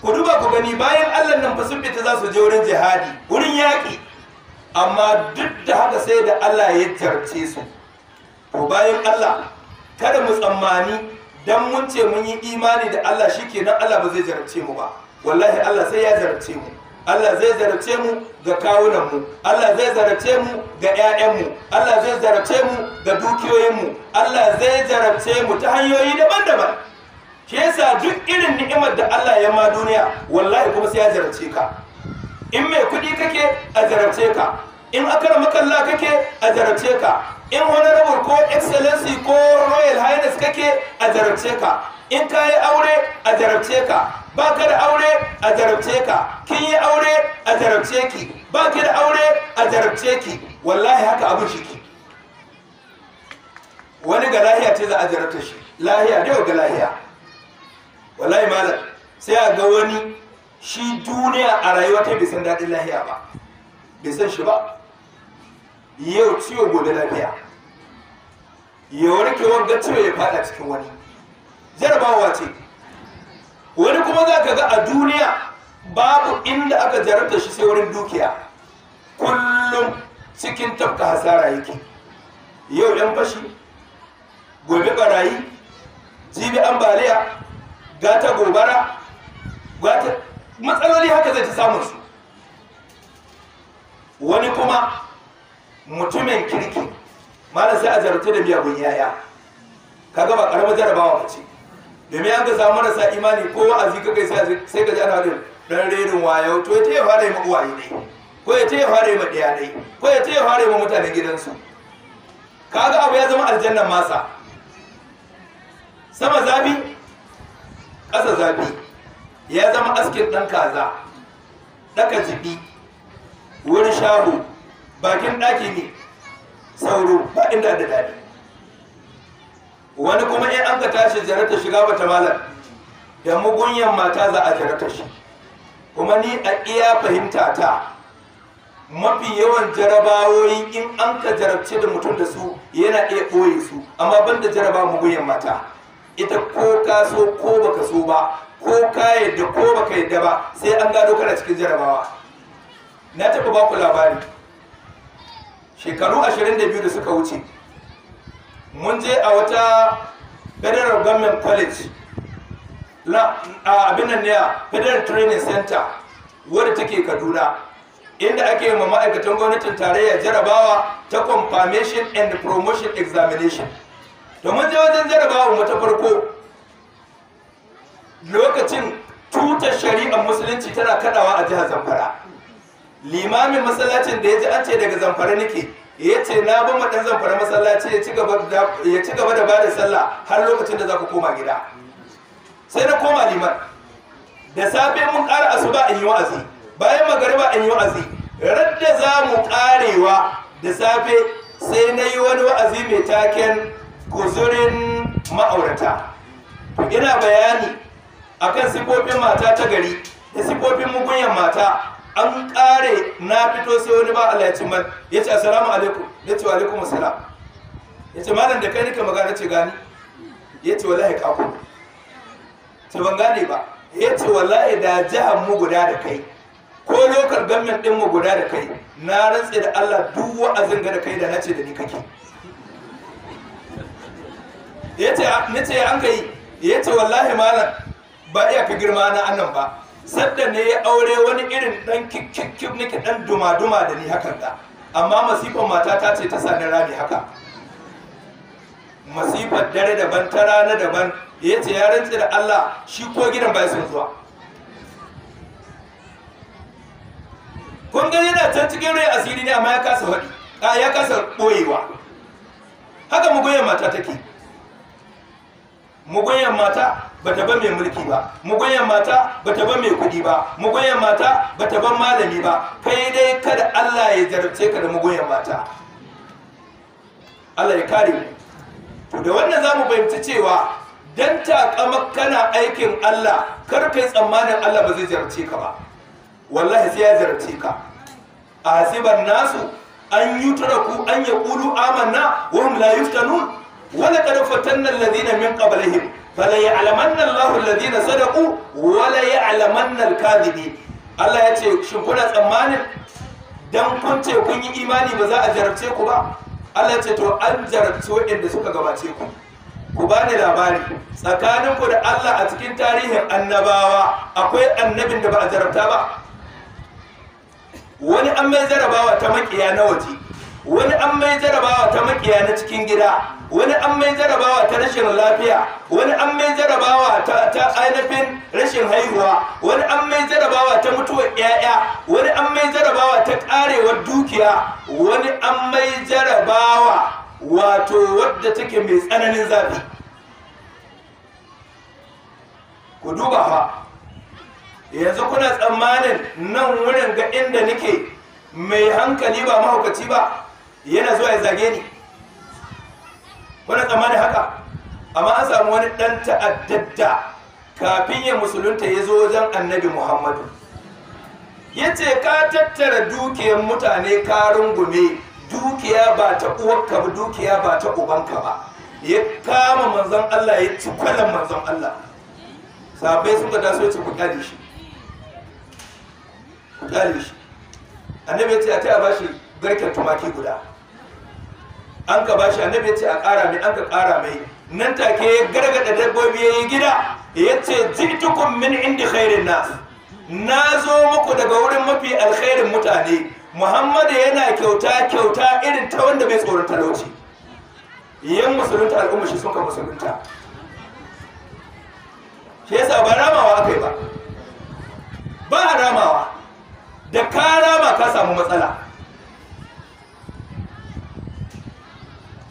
ku duba ku gani bayan allah nan fa sun fita za su je wurin jihadi wurin yaƙi amma duk da haka sai da allah ya jarce su ko bayan allah kada mu tsammani dan mun ce mun yi imani da allah nan allah ba zai jarabce mu ba wallahi allah sai ya jarabce mu Allah zai zarce mu ga kawunanmu, Allah zai zarce mu ga 'ya'yanmu, Allah zai zarce mu ga dukiyoyin mu. Allah zai zarce mu ta hanyoyi daban-daban. shi yasa duk irin ni'imar da Allah ya ma duniya wallahi kuma sai ya zarce ka in mai kuɗi kake a zarce ka in akara makalla kake a zarce ka in honorable ko excellency ko royal highness kake a zarce ka in ka yi aure a zarce ka ba ka da aure a zarce ka kin yi aure a zarce ki ba ki da aure a zarce ki wallahi haka abin shi ki wani ga lahiya ce za a shi lahiya dai ga lahiya wallahi malam sai a ga wani shi duniya a rayuwa ta bai san daɗin lahiya ba bai san shi ba yau ciwo gobe lafiya ya warke wanga ciwo ya fada cikin wani jarabawa ce wani kuma za ka ga a duniya babu inda aka jarabta shi sai wurin dukiya kullum cikin tafka hasara yake yau yan fashi gobe barayi jibi ambaliya ga ta gobara ga ta matsaloli haka zai ta samun su wani kuma mutumin kirki malam sai a zartu da miyagun yaya ka gaba karamar jarabawa mace. domin an ga samu marasa imani ko wa'azi ka kai sai ka ji ana dan rerin wayo to ya ce ya fara yi ma uwaye ne ko ya ce ya fara yi ma ɗaya ne ko ya ce ya fara yi ma mutanen gidansu kaga abu ya zama aljannan masa sama zafi ƙasa zafi ya zama askin ɗan kaza ɗaka jibi wurin shaho bakin ɗaki ne sauro ba inda da daɗi wani kuma in an ka tashi jaratar shiga ta malar da mugunyan mata za a jaratar shi kuma ni a iya fahimta ta mafi yawan jarabawoyi in an ka jarabce da mutum da su yana iya ɓoye su amma ban da jaraba mugunyan mata ita ko ka so ko baka so ba ko ka yadda ko baka yadda ba sai an gado kana cikin jarabawa na taɓa ba ku labari shekaru 22 da suka wuce mun je a wata federal government college abin nan ne federal training center wadda take kaduna inda ake yi ma ma'aikatan gwamnatin tarayya jarabawa ta confirmation and promotion examination da mun je wajen jarabawa wata farko lokacin tutar shari'ar musulunci tana kadawa a jihar zamfara limamin masallacin da ya ji an ce daga zamfara nake ya ce na bin maɗan zamfara masallaci ya ci gaba da ba da sallah har lokacin da za ku koma gida sai na koma liman da safe mun ƙara asuba in yi wa'azi bayan magariba in yi wa'azi radda za mu ƙarewa da safe sai na yi wani wa'azi mai taken kuzurin ma'aurata ina bayani akan sifofin mata ta gari da sifofin mugunyan mata an kare na fito sai wani ba Allah ya ce man ya ce assalamu alaikum ya ce wa alaikum assalam ya ce malam da kai nika magana ce gani ya ce wallahi ka ku ce ban gane ba ya ce wallahi da jihar mu guda da kai ko lokar gamin din mu guda da kai na rantse da Allah duk wa'azin ga da kai da nace da ni kake ya ce ni ce an kai ya ce wallahi malam ba iya ka girma na annan ba sadda ne ya aure wani irin dan kikkikkik nake dan duma-duma da ni hakan da amma masifan matata ce ta sani rami haka masifar dare daban ta rana daban ya ce ya rantsi da Allah shi ko gidan bai sun zuwa kun gani yana can cikin rai asiri ne amma ya kasa faɗi ya kasa ɓoyewa haka mu goyon mata take mugunyar mata ba ta ba mai mulki ba mugunyar mata ba ta ba mai kuɗi ba mugunyar mata ba ta ba malami ba kai dai kada Allah ya jarabce ka da mugunyar mata Allah ya kare mu to da wannan mu fahimci cewa dan takamar kana aikin Allah kar kai tsammanin Allah ba zai jarabce ka ba wallahi sai ya jarabce ka a hasiban nasu an yutraku an yaqulu amanna wa hum la yuftanun wala kada fatanna alladhina min qablihim fala ya'lamanna Allahu alladhina sadaqu wala ya'lamanna al-kadhibin Allah ya ce shin kuna tsammanin dan kun ce kun yi imani ba za a jarabce ku ba Allah ce to an jarabce waɗanda suka gabace ku ku ba ni labari tsakaninku da Allah a cikin tarihin annabawa akwai annabin da ba a jarabta ba wani an mai jarabawa ta makiya na waje wani an mai jarabawa ta makiya na cikin gida wani an mai jarabawa ta rashin lafiya wani an mai jarabawa ta, ainihin rashin haihuwa wani an mai jarabawa ta mutuwar 'ya'ya wani an mai jarabawa ta ƙarewar dukiya wani an mai jarabawa wato wadda take mai tsananin zafi ku duba fa yanzu kuna tsammanin nan wurin ga inda nake mai hankali ba mahaukaci ba yana zuwa ya zage ni kuna da haka amma an samu wani ɗan ta'addadda kafin ya musulunta ya zo wajen annabi muhammadu ya ce ka tattara dukiyar mutane ka rungume dukiya ba ta uwarka ba dukiya ba ta ubanka ba ya kama manzon Allah ya ci kwallon manzon Allah sabai sun gada so ci ku shi ku shi annabi ya ce a taya bashi garken tumaki guda an ka bashi annabi ya ce a ƙara mai an ka ƙara mai nan take ya gargada dabbobi ya yi gida ya ce jitukun min indi khairin nas na zo muku daga wurin mafi alkhairin mutane muhammadu yana kyauta kyauta irin ta wanda bai tsoron talauci yan musulunta al'umma shi sun musulunta shi yasa ba ramawa akai ba ba ramawa da ka rama ka samu matsala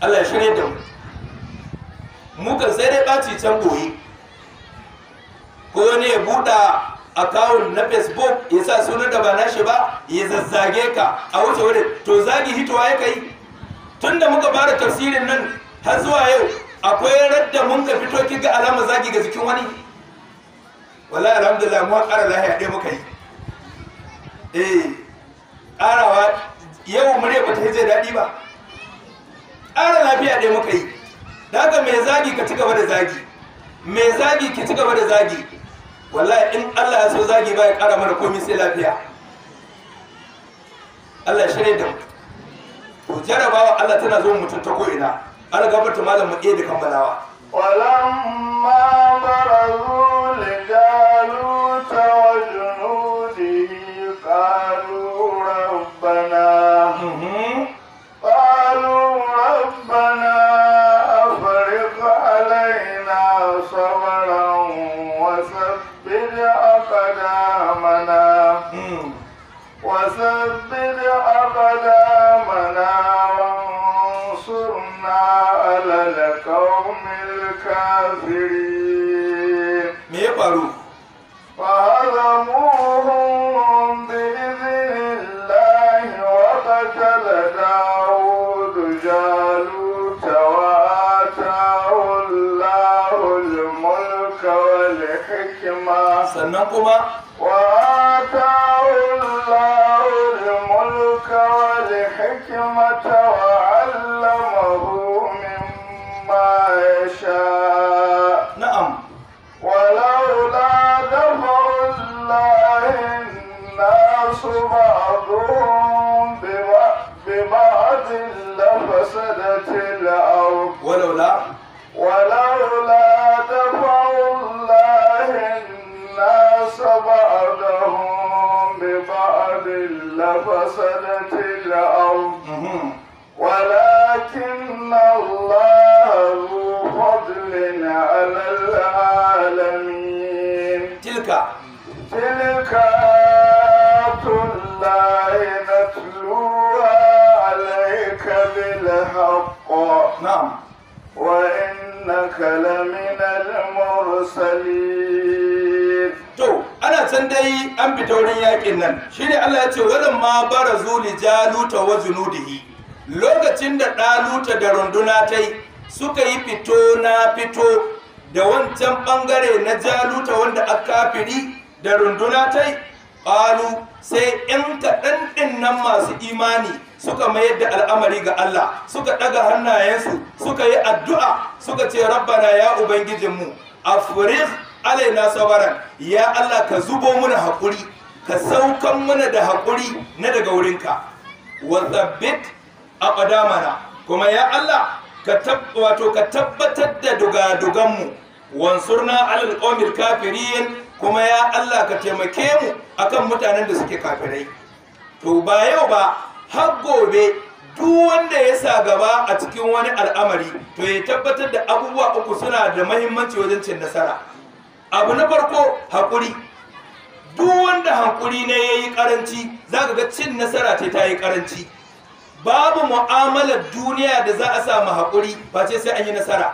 Allah ya shirye da mu mu sai dai ɓaci can boye ko wani ya buɗa akawun na facebook ya sa sunan da ba nashi ba ya zazzage ka a wuce wurin to zagi hitowa ya kai tun da muka fara tafsirin nan har zuwa yau akwai radda mun ka fito kiga alama zagi ga cikin wani wallahi alhamdulillah mu ƙara lahiya ɗaya muka yi eh ƙarawa yau mure ba ta yi daɗi ba ƙara lafiya ɗaya muka yi daga mai zagi ka ci gaba da zagi mai zagi ki ci gaba da zagi wallahi in Allah ya so zagi ba ya ƙara mana komai sai lafiya Allah ya shirya da Ku jarabawa Allah tana zo mutum ta ko ina an gabata malam mu iya da kammalawa walamma barazu nan kuma bi ta wurin yakin nan shi ne Allah ya ce wadan ma barazu li jaluta wa junudihi lokacin da ɗaluta da runduna ta yi suka yi fito na fito da wancan ɓangare na jaluta wanda a kafiri da runduna ta yi ƙalu sai ‘yan kaɗan ɗin nan masu imani suka mayar da al'amari ga Allah suka ɗaga hannayensu suka yi addu'a suka ce rabbana ya ubangijinmu a alaina sabara ya Allah ka zubo mana hakuri ka saukan mana da hakuri na daga wurinka wa a aqdamana kuma ya Allah ka wato ka tabbatar da dugaduganmu wansurna alal qawmil kafirin kuma ya Allah ka taimake mu akan mutanen da suke kafirai to ba yau ba har gobe duk wanda ya sa gaba a cikin wani al'amari to ya tabbatar da abubuwa uku suna da mahimmanci wajen cin nasara abu na farko haƙuri duk wanda haƙuri ne ya yi ƙaranci za ka ga cin nasara ce ta yi ƙaranci babu mu'amalar duniya da za a samu haƙuri ba ce sai an yi nasara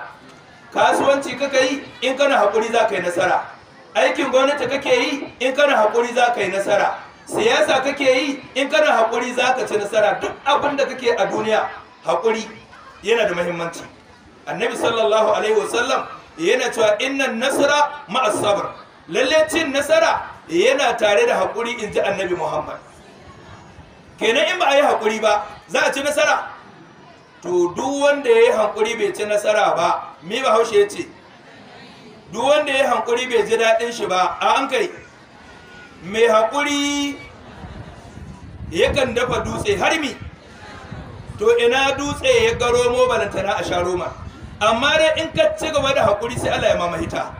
kasuwanci kaka yi in kana haƙuri za ka yi nasara aikin gwamnati kake yi in kana haƙuri za ka yi nasara siyasa kake yi in kana haƙuri za ka ci nasara duk abin da kake a duniya haƙuri yana da muhimmanci annabi sallallahu alaihi wasallam yana cewa innan nasara ma'asabar. sabar cin nasara yana tare da haƙuri in ji annabi muhammad kenan in ba a yi haƙuri ba za a ci nasara to duk wanda ya yi haƙuri bai ci nasara ba mi ba haushe ya ce duk wanda ya yi haƙuri bai ji daɗin shi ba a an kai mai haƙuri yakan dafa dutse har mi to ina dutse ya garo mobalantana balantana a sha roma amma dai in ka ci gaba da hakuri sai Allah ya ma mahita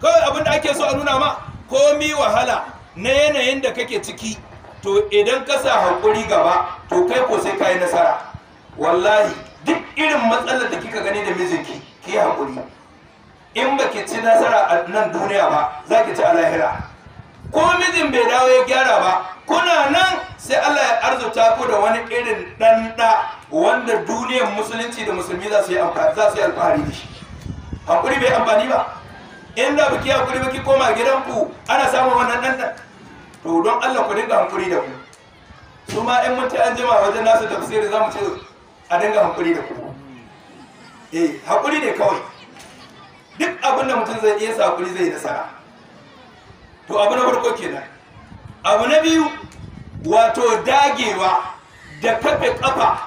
kawai abin da ake so a nuna ma komi wahala na yanayin da kake ciki to idan ka sa hakuri gaba to kai ko sai kai nasara wallahi duk irin matsalar da kika gani da mijinki ki hakuri in baki ci nasara a nan duniya ba zaki ci a lahira ko mijin bai dawo ya gyara ba kuna nan sai Allah ya arzuta ku da wani irin dan da wanda duniyar musulunci da musulmi za su yi amfani za su yi alfahari da shi hakuri bai amfani ba inda biki hakuri biki koma ku ana samun wannan dan dan to don Allah ku dinga hakuri da ku su ma in mun ta an jima wajen nasu tafsiri za mu ce a dinga hakuri da ku eh hakuri ne kawai duk abin da mutum zai iya sa hakuri zai nasara to abu na farko kenan abu na biyu wato dagewa da kafe kafa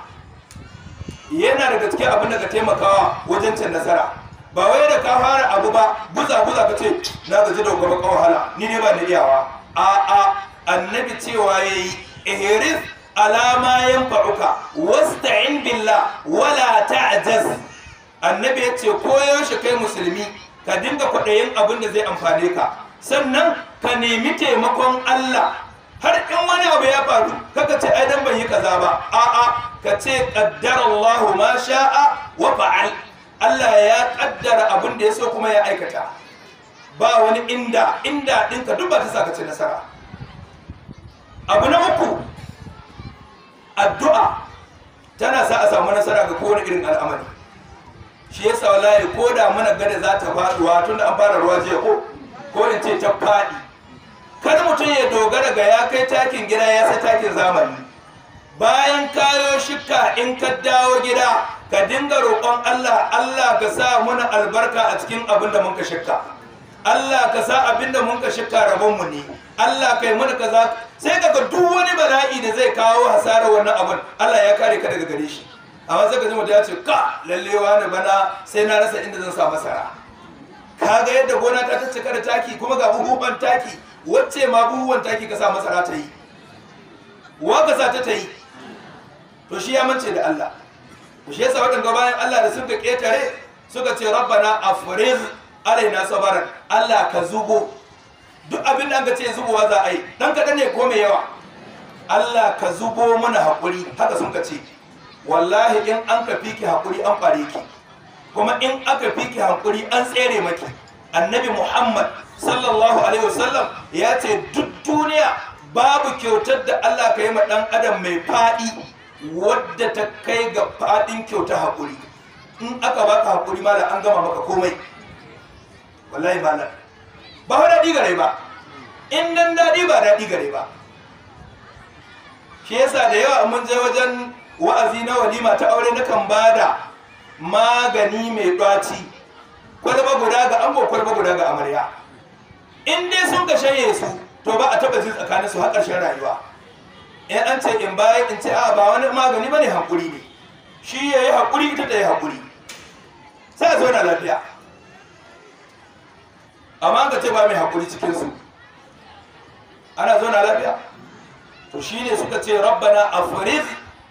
yana daga cikin abin da ka taimakawa wajen cin nasara ba wai da ka fara abu ba buza buza ka ce na gaji da gaba wahala ni ne ba da iyawa a a annabi cewa ya yayi ihris alama yan wasta in billa wala ta'jaz annabi yace yaushe kai musulmi ka dinga kwaɗayin abin da zai amfane ka sannan ka nemi taimakon Allah har in wani abu ya faru kaka ce ai dan ban yi kaza ba a'a ka ce qaddara Allahu ma sha'a wa fa'al Allah ya kaddara abin da ya so kuma ya aikata ba wani inda inda ɗinka duk ba ta saka ce nasara abu na uku addu'a tana sa a samu nasara ga kowane irin al'amari shi yasa wallahi ko da mana gada za ta faɗuwa tun da an fara ruwa jiya ko ko in ce ta faɗi kar mutum ya dogara ga ya kai takin gida ya sai takin zamani bayan kayo shikka in ka dawo gida ka dinga roƙon Allah Allah ka sa muna albarka a cikin abin da mun ka shikka Allah ka sa abin da mun ka shikka rabon mu ne Allah kai mana kaza sai ga duk wani bala'i da zai kawo hasara wannan abin Allah ya kare ka daga gare shi amma sai ka ji mutum ya ce ka lalle wani bana sai na rasa inda zan sa masara kaga yadda gona ta cika da taki kuma ga ban taki wacce ma buhuwan taki ka sa masara ta yi wa ka sa ta ta yi to shi ya mance da Allah ku shi yasa waɗanda bayan Allah da suka ƙetare suka ce rabbana afriz alaina sabaran Allah ka zubo duk abin da ga ce zubowa za a yi dan kaɗan ne ko mai yawa Allah ka zubo mana haƙuri haka sun ka ce wallahi in an ka ki haƙuri an fare ki kuma in aka ki haƙuri an tsere maki annabi muhammad sallallahu alaihi wasallam ya ce duk duniya babu kyautar da allah ka yi ma adam mai faɗi wadda ta kai ga faɗin kyauta haƙuri in aka baka haƙuri mala an gama maka komai wallahi mala ba wa daɗi gare ba in dan daɗi ba daɗi gare ba shi yasa da yawa mun je wajen wa'azi na walima ta aure na kan da magani mai ɗaci kwalba guda ga ango kwalba guda ga amarya in dai sun ga shaye su to ba a taba jin tsakanin su har karshen rayuwa in an ce in baya in ce a ba wani magani bane hakuri ne shi yayi hakuri ita ta yi hakuri sai zo na lafiya amma ka ce ba mai hakuri cikin su ana na lafiya to shine suka ce rabbana afriz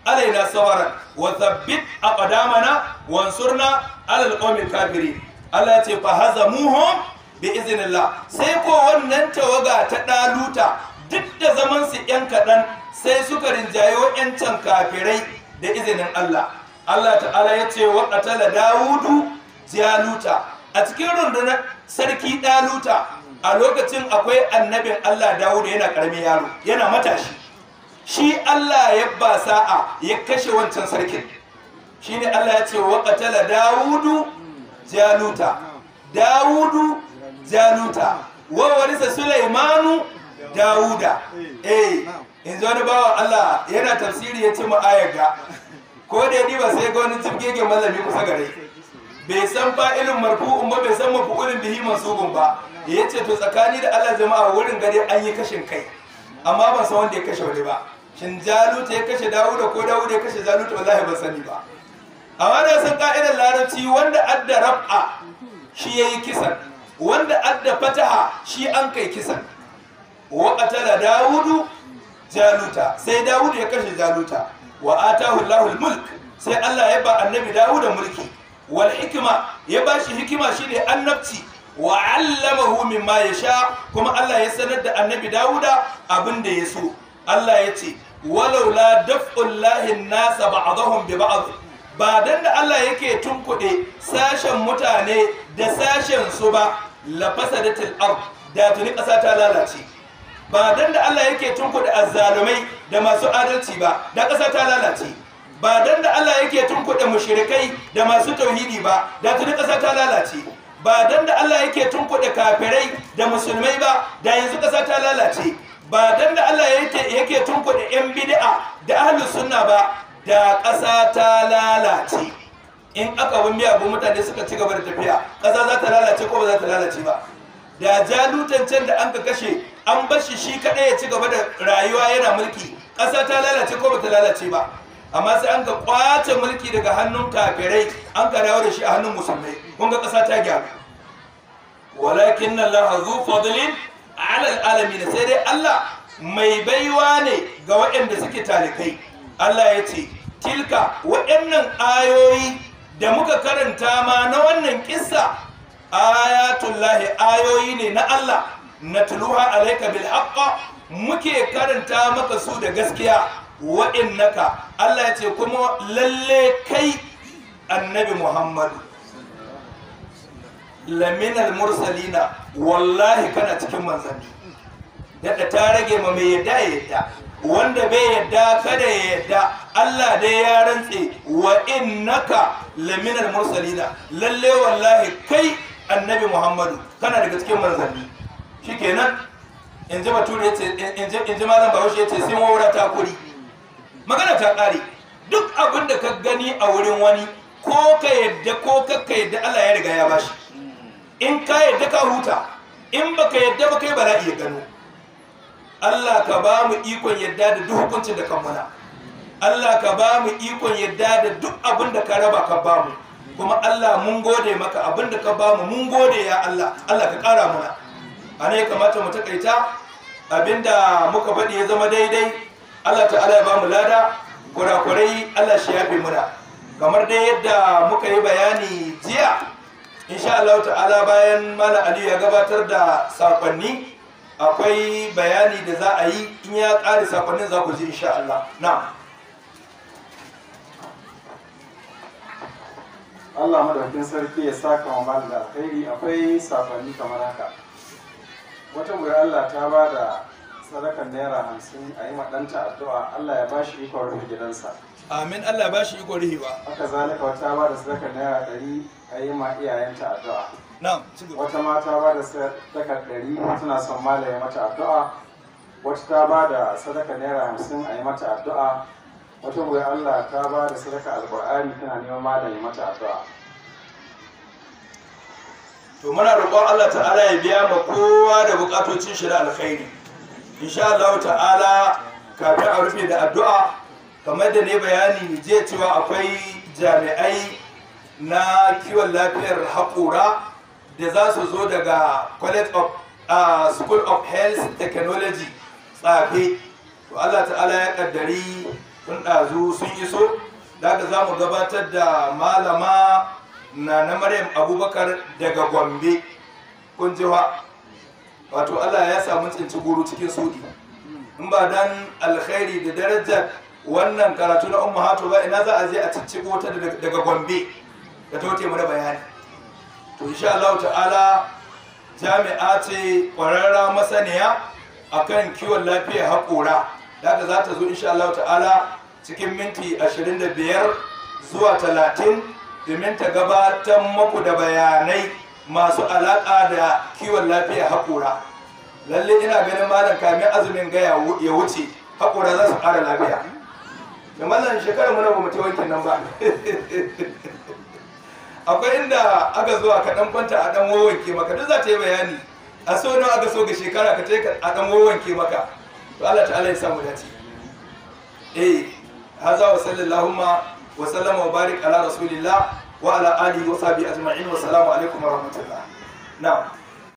alaina sawaran wa thabbit aqdamana wansurna alal alqawmi alkafirin Allah ce fa hazamuhum bi iznillah sai ko wannan tawaga ta daluta duk da zaman su yan kadan sai suka rinjayo yan can kafirai da izinin Allah Allah ta'ala ya ce wa qatala daudu jaluta a cikin rundunar sarki daluta a lokacin akwai annabin Allah Dawud yana karami yaro yana matashi shi Allah ya ba sa'a ya kashe wancan sarkin shine Allah ya ce wa qatala daudu jaluta dawudu jaluta wa walisa sulaimanu dawuda eh yanzu wani bawa Allah yana tafsiri ya ce mu ayaga ko da ni ba sai ga wani jirgin malami kusa gare bai san fa'ilin marfu'un ba bai san mafu'ulin bihi mansubun ba ya ce to tsakani da Allah jama'a wurin gare an yi kashin kai amma ban san wanda ya kashe wani ba shin jaluta ya kashe dawuda ko dawuda ya kashe jaluta wallahi ban sani ba a wani san ka'idar larabci wanda adda rab'a shi yi kisan wanda adda fataha shi an kai kisan wa qatala dawudu jaluta sai dawudu ya kashe jaluta wa atahu mulk sai Allah ya ba annabi dawuda mulki wal hikima ya ba shi hikima shine annabci wa allamahu ya sha, kuma Allah ya sanar da annabi dawuda abin da ya so Allah ya ce walaula daf'ullahi an-nasa ba'dahum bi ba'd ba dan da Allah yake tunkuɗe sashen mutane da sashen su ba la fasadatil ard da tuni ƙasa ta lalace ba dan da Allah yake tunkuɗe azzalumai da masu adalci ba da ƙasa ta lalace ba dan da Allah yake tunkuɗe mushrikai da masu tauhidi ba da tuni ƙasa ta lalace ba dan da Allah yake tunkuɗe kafirai da musulmai ba da yanzu ƙasa ta lalace ba dan da Allah yake yake tunkuɗe yan bid'a da ahlus sunna ba da ƙasa ta lalace in aka bin abu mutane suka ci gaba da tafiya ƙasa za ta lalace ko ba za ta lalace ba da jalutan can da an ka kashe an bar shi shi kaɗai ya ci gaba da rayuwa yana mulki ƙasa ta lalace ko ba ta lalace ba amma sai an ka kwace mulki daga hannun kafirai an ka dawo da shi a hannun musulmai kun ga ƙasa ta gyaru walakin nan la hazu fadlin ala alamin sai dai Allah mai baiwa ne ga waɗanda suke talikai Allah ya ce tilka waɗannan ayoyi da muka karanta ma na wannan kissa ayatullahi ayoyi ne na Allah na tuluha alaika bil haqqa muke karanta maka su da gaskiya waɗannaka Allah ya ce kuma lalle kai annabi Muhammadu laminal mursalina wallahi kana cikin manzanni Dada ta rage ma mai yadda yadda wanda bai yadda kada ya yadda Allah dai ya rantse wa innaka laminal mursalina lalle wallahi kai annabi Muhammadu kana daga cikin manzanni shikenan in ji bature yace in ji malam Bahaushe yace sai wura ta kuri magana ta kare duk abin da ka gani a wurin wani ko ka yadda ko ka yadda Allah ya riga ya bashi in ka yadda ka huta in baka yadda ba kai bala'i ya gano Allah ka ba mu ikon yadda da duk hukuncin da kan muna Allah ka ba mu ikon yadda da duk abin da ka raba ka ba mu kuma Allah mun gode maka abin da ka ba mu mun gode ya Allah Allah ka ƙara muna a ne kamata mu takaita abinda muka faɗi ya zama daidai Allah ta'ala ya ba mu lada kurakurai Allah shi ya fi muna kamar dai yadda muka yi bayani jiya insha Allah ta'ala bayan Malam Aliyu ya gabatar da sakonni akwai bayani da za a yi in ya ƙare sakonnin za ku ji insha Allah na Allah madaukin sarki ya saka wa malam da alkhairi akwai sakonni kamar haka wata mai Allah ta ba da sadakar naira hamsin a yi maɗanta addu'a Allah ya ba shi ikon rufe gidansa amin Allah ya shi ikon ba. haka zalika wata ba da sadakar naira ɗari a yi ma iyayenta addu'a wata mata ba da sadaka ɗari suna son ya mata addu'a wata ta ba da sadaka naira hamsin a yi mata addu'a wata goyi allah ta ba da sadaka alƙur'ani tana neman ya mata addu'a to muna roƙon allah ta'ala ya biya ma kowa da buƙatocin shi da alkhairi insha allahu ta'ala kafin a rufe da addu'a kamar da ne bayani je cewa akwai jami'ai na kiwon lafiyar haƙura da za su zo daga college of uh, school of health technology tsafe to allah ta'ala ya kaddari sun ɗazu sun iso daga za mu gabatar da malama na na maryam abubakar daga gombe kun wato allah ya samu tsinci guru cikin sudi in ba dan alkhairi da darajar wannan karatu na umma hato ba ina za a je a cicci ta daga gombe da tote mu da bayani to insha Allah ta'ala jami'a ce ƙwararra masaniya akan kiwon lafiya haƙora daga za ta zo insha Allah ta'ala cikin minti 25 zuwa 30 domin ta gabatar muku da bayanai masu alaƙa da kiwon lafiya haƙora lalle ina ganin malam kamin azumin ga ya wuce haƙora za su ƙara lafiya da mallan shekarar na ba mu ta nan ba akwai inda aka zuwa ka dan kwanta a dan wawanke maka duk za ta yi bayani a so nawa aka so ga shekara ka tai a dan wawanke maka to Allah ta'ala ya samu dace eh hadza wa sallallahu wa sallama wa barik ala rasulillah wa ala alihi wa sahbihi ajma'in wa salamu alaikum wa rahmatullah na'am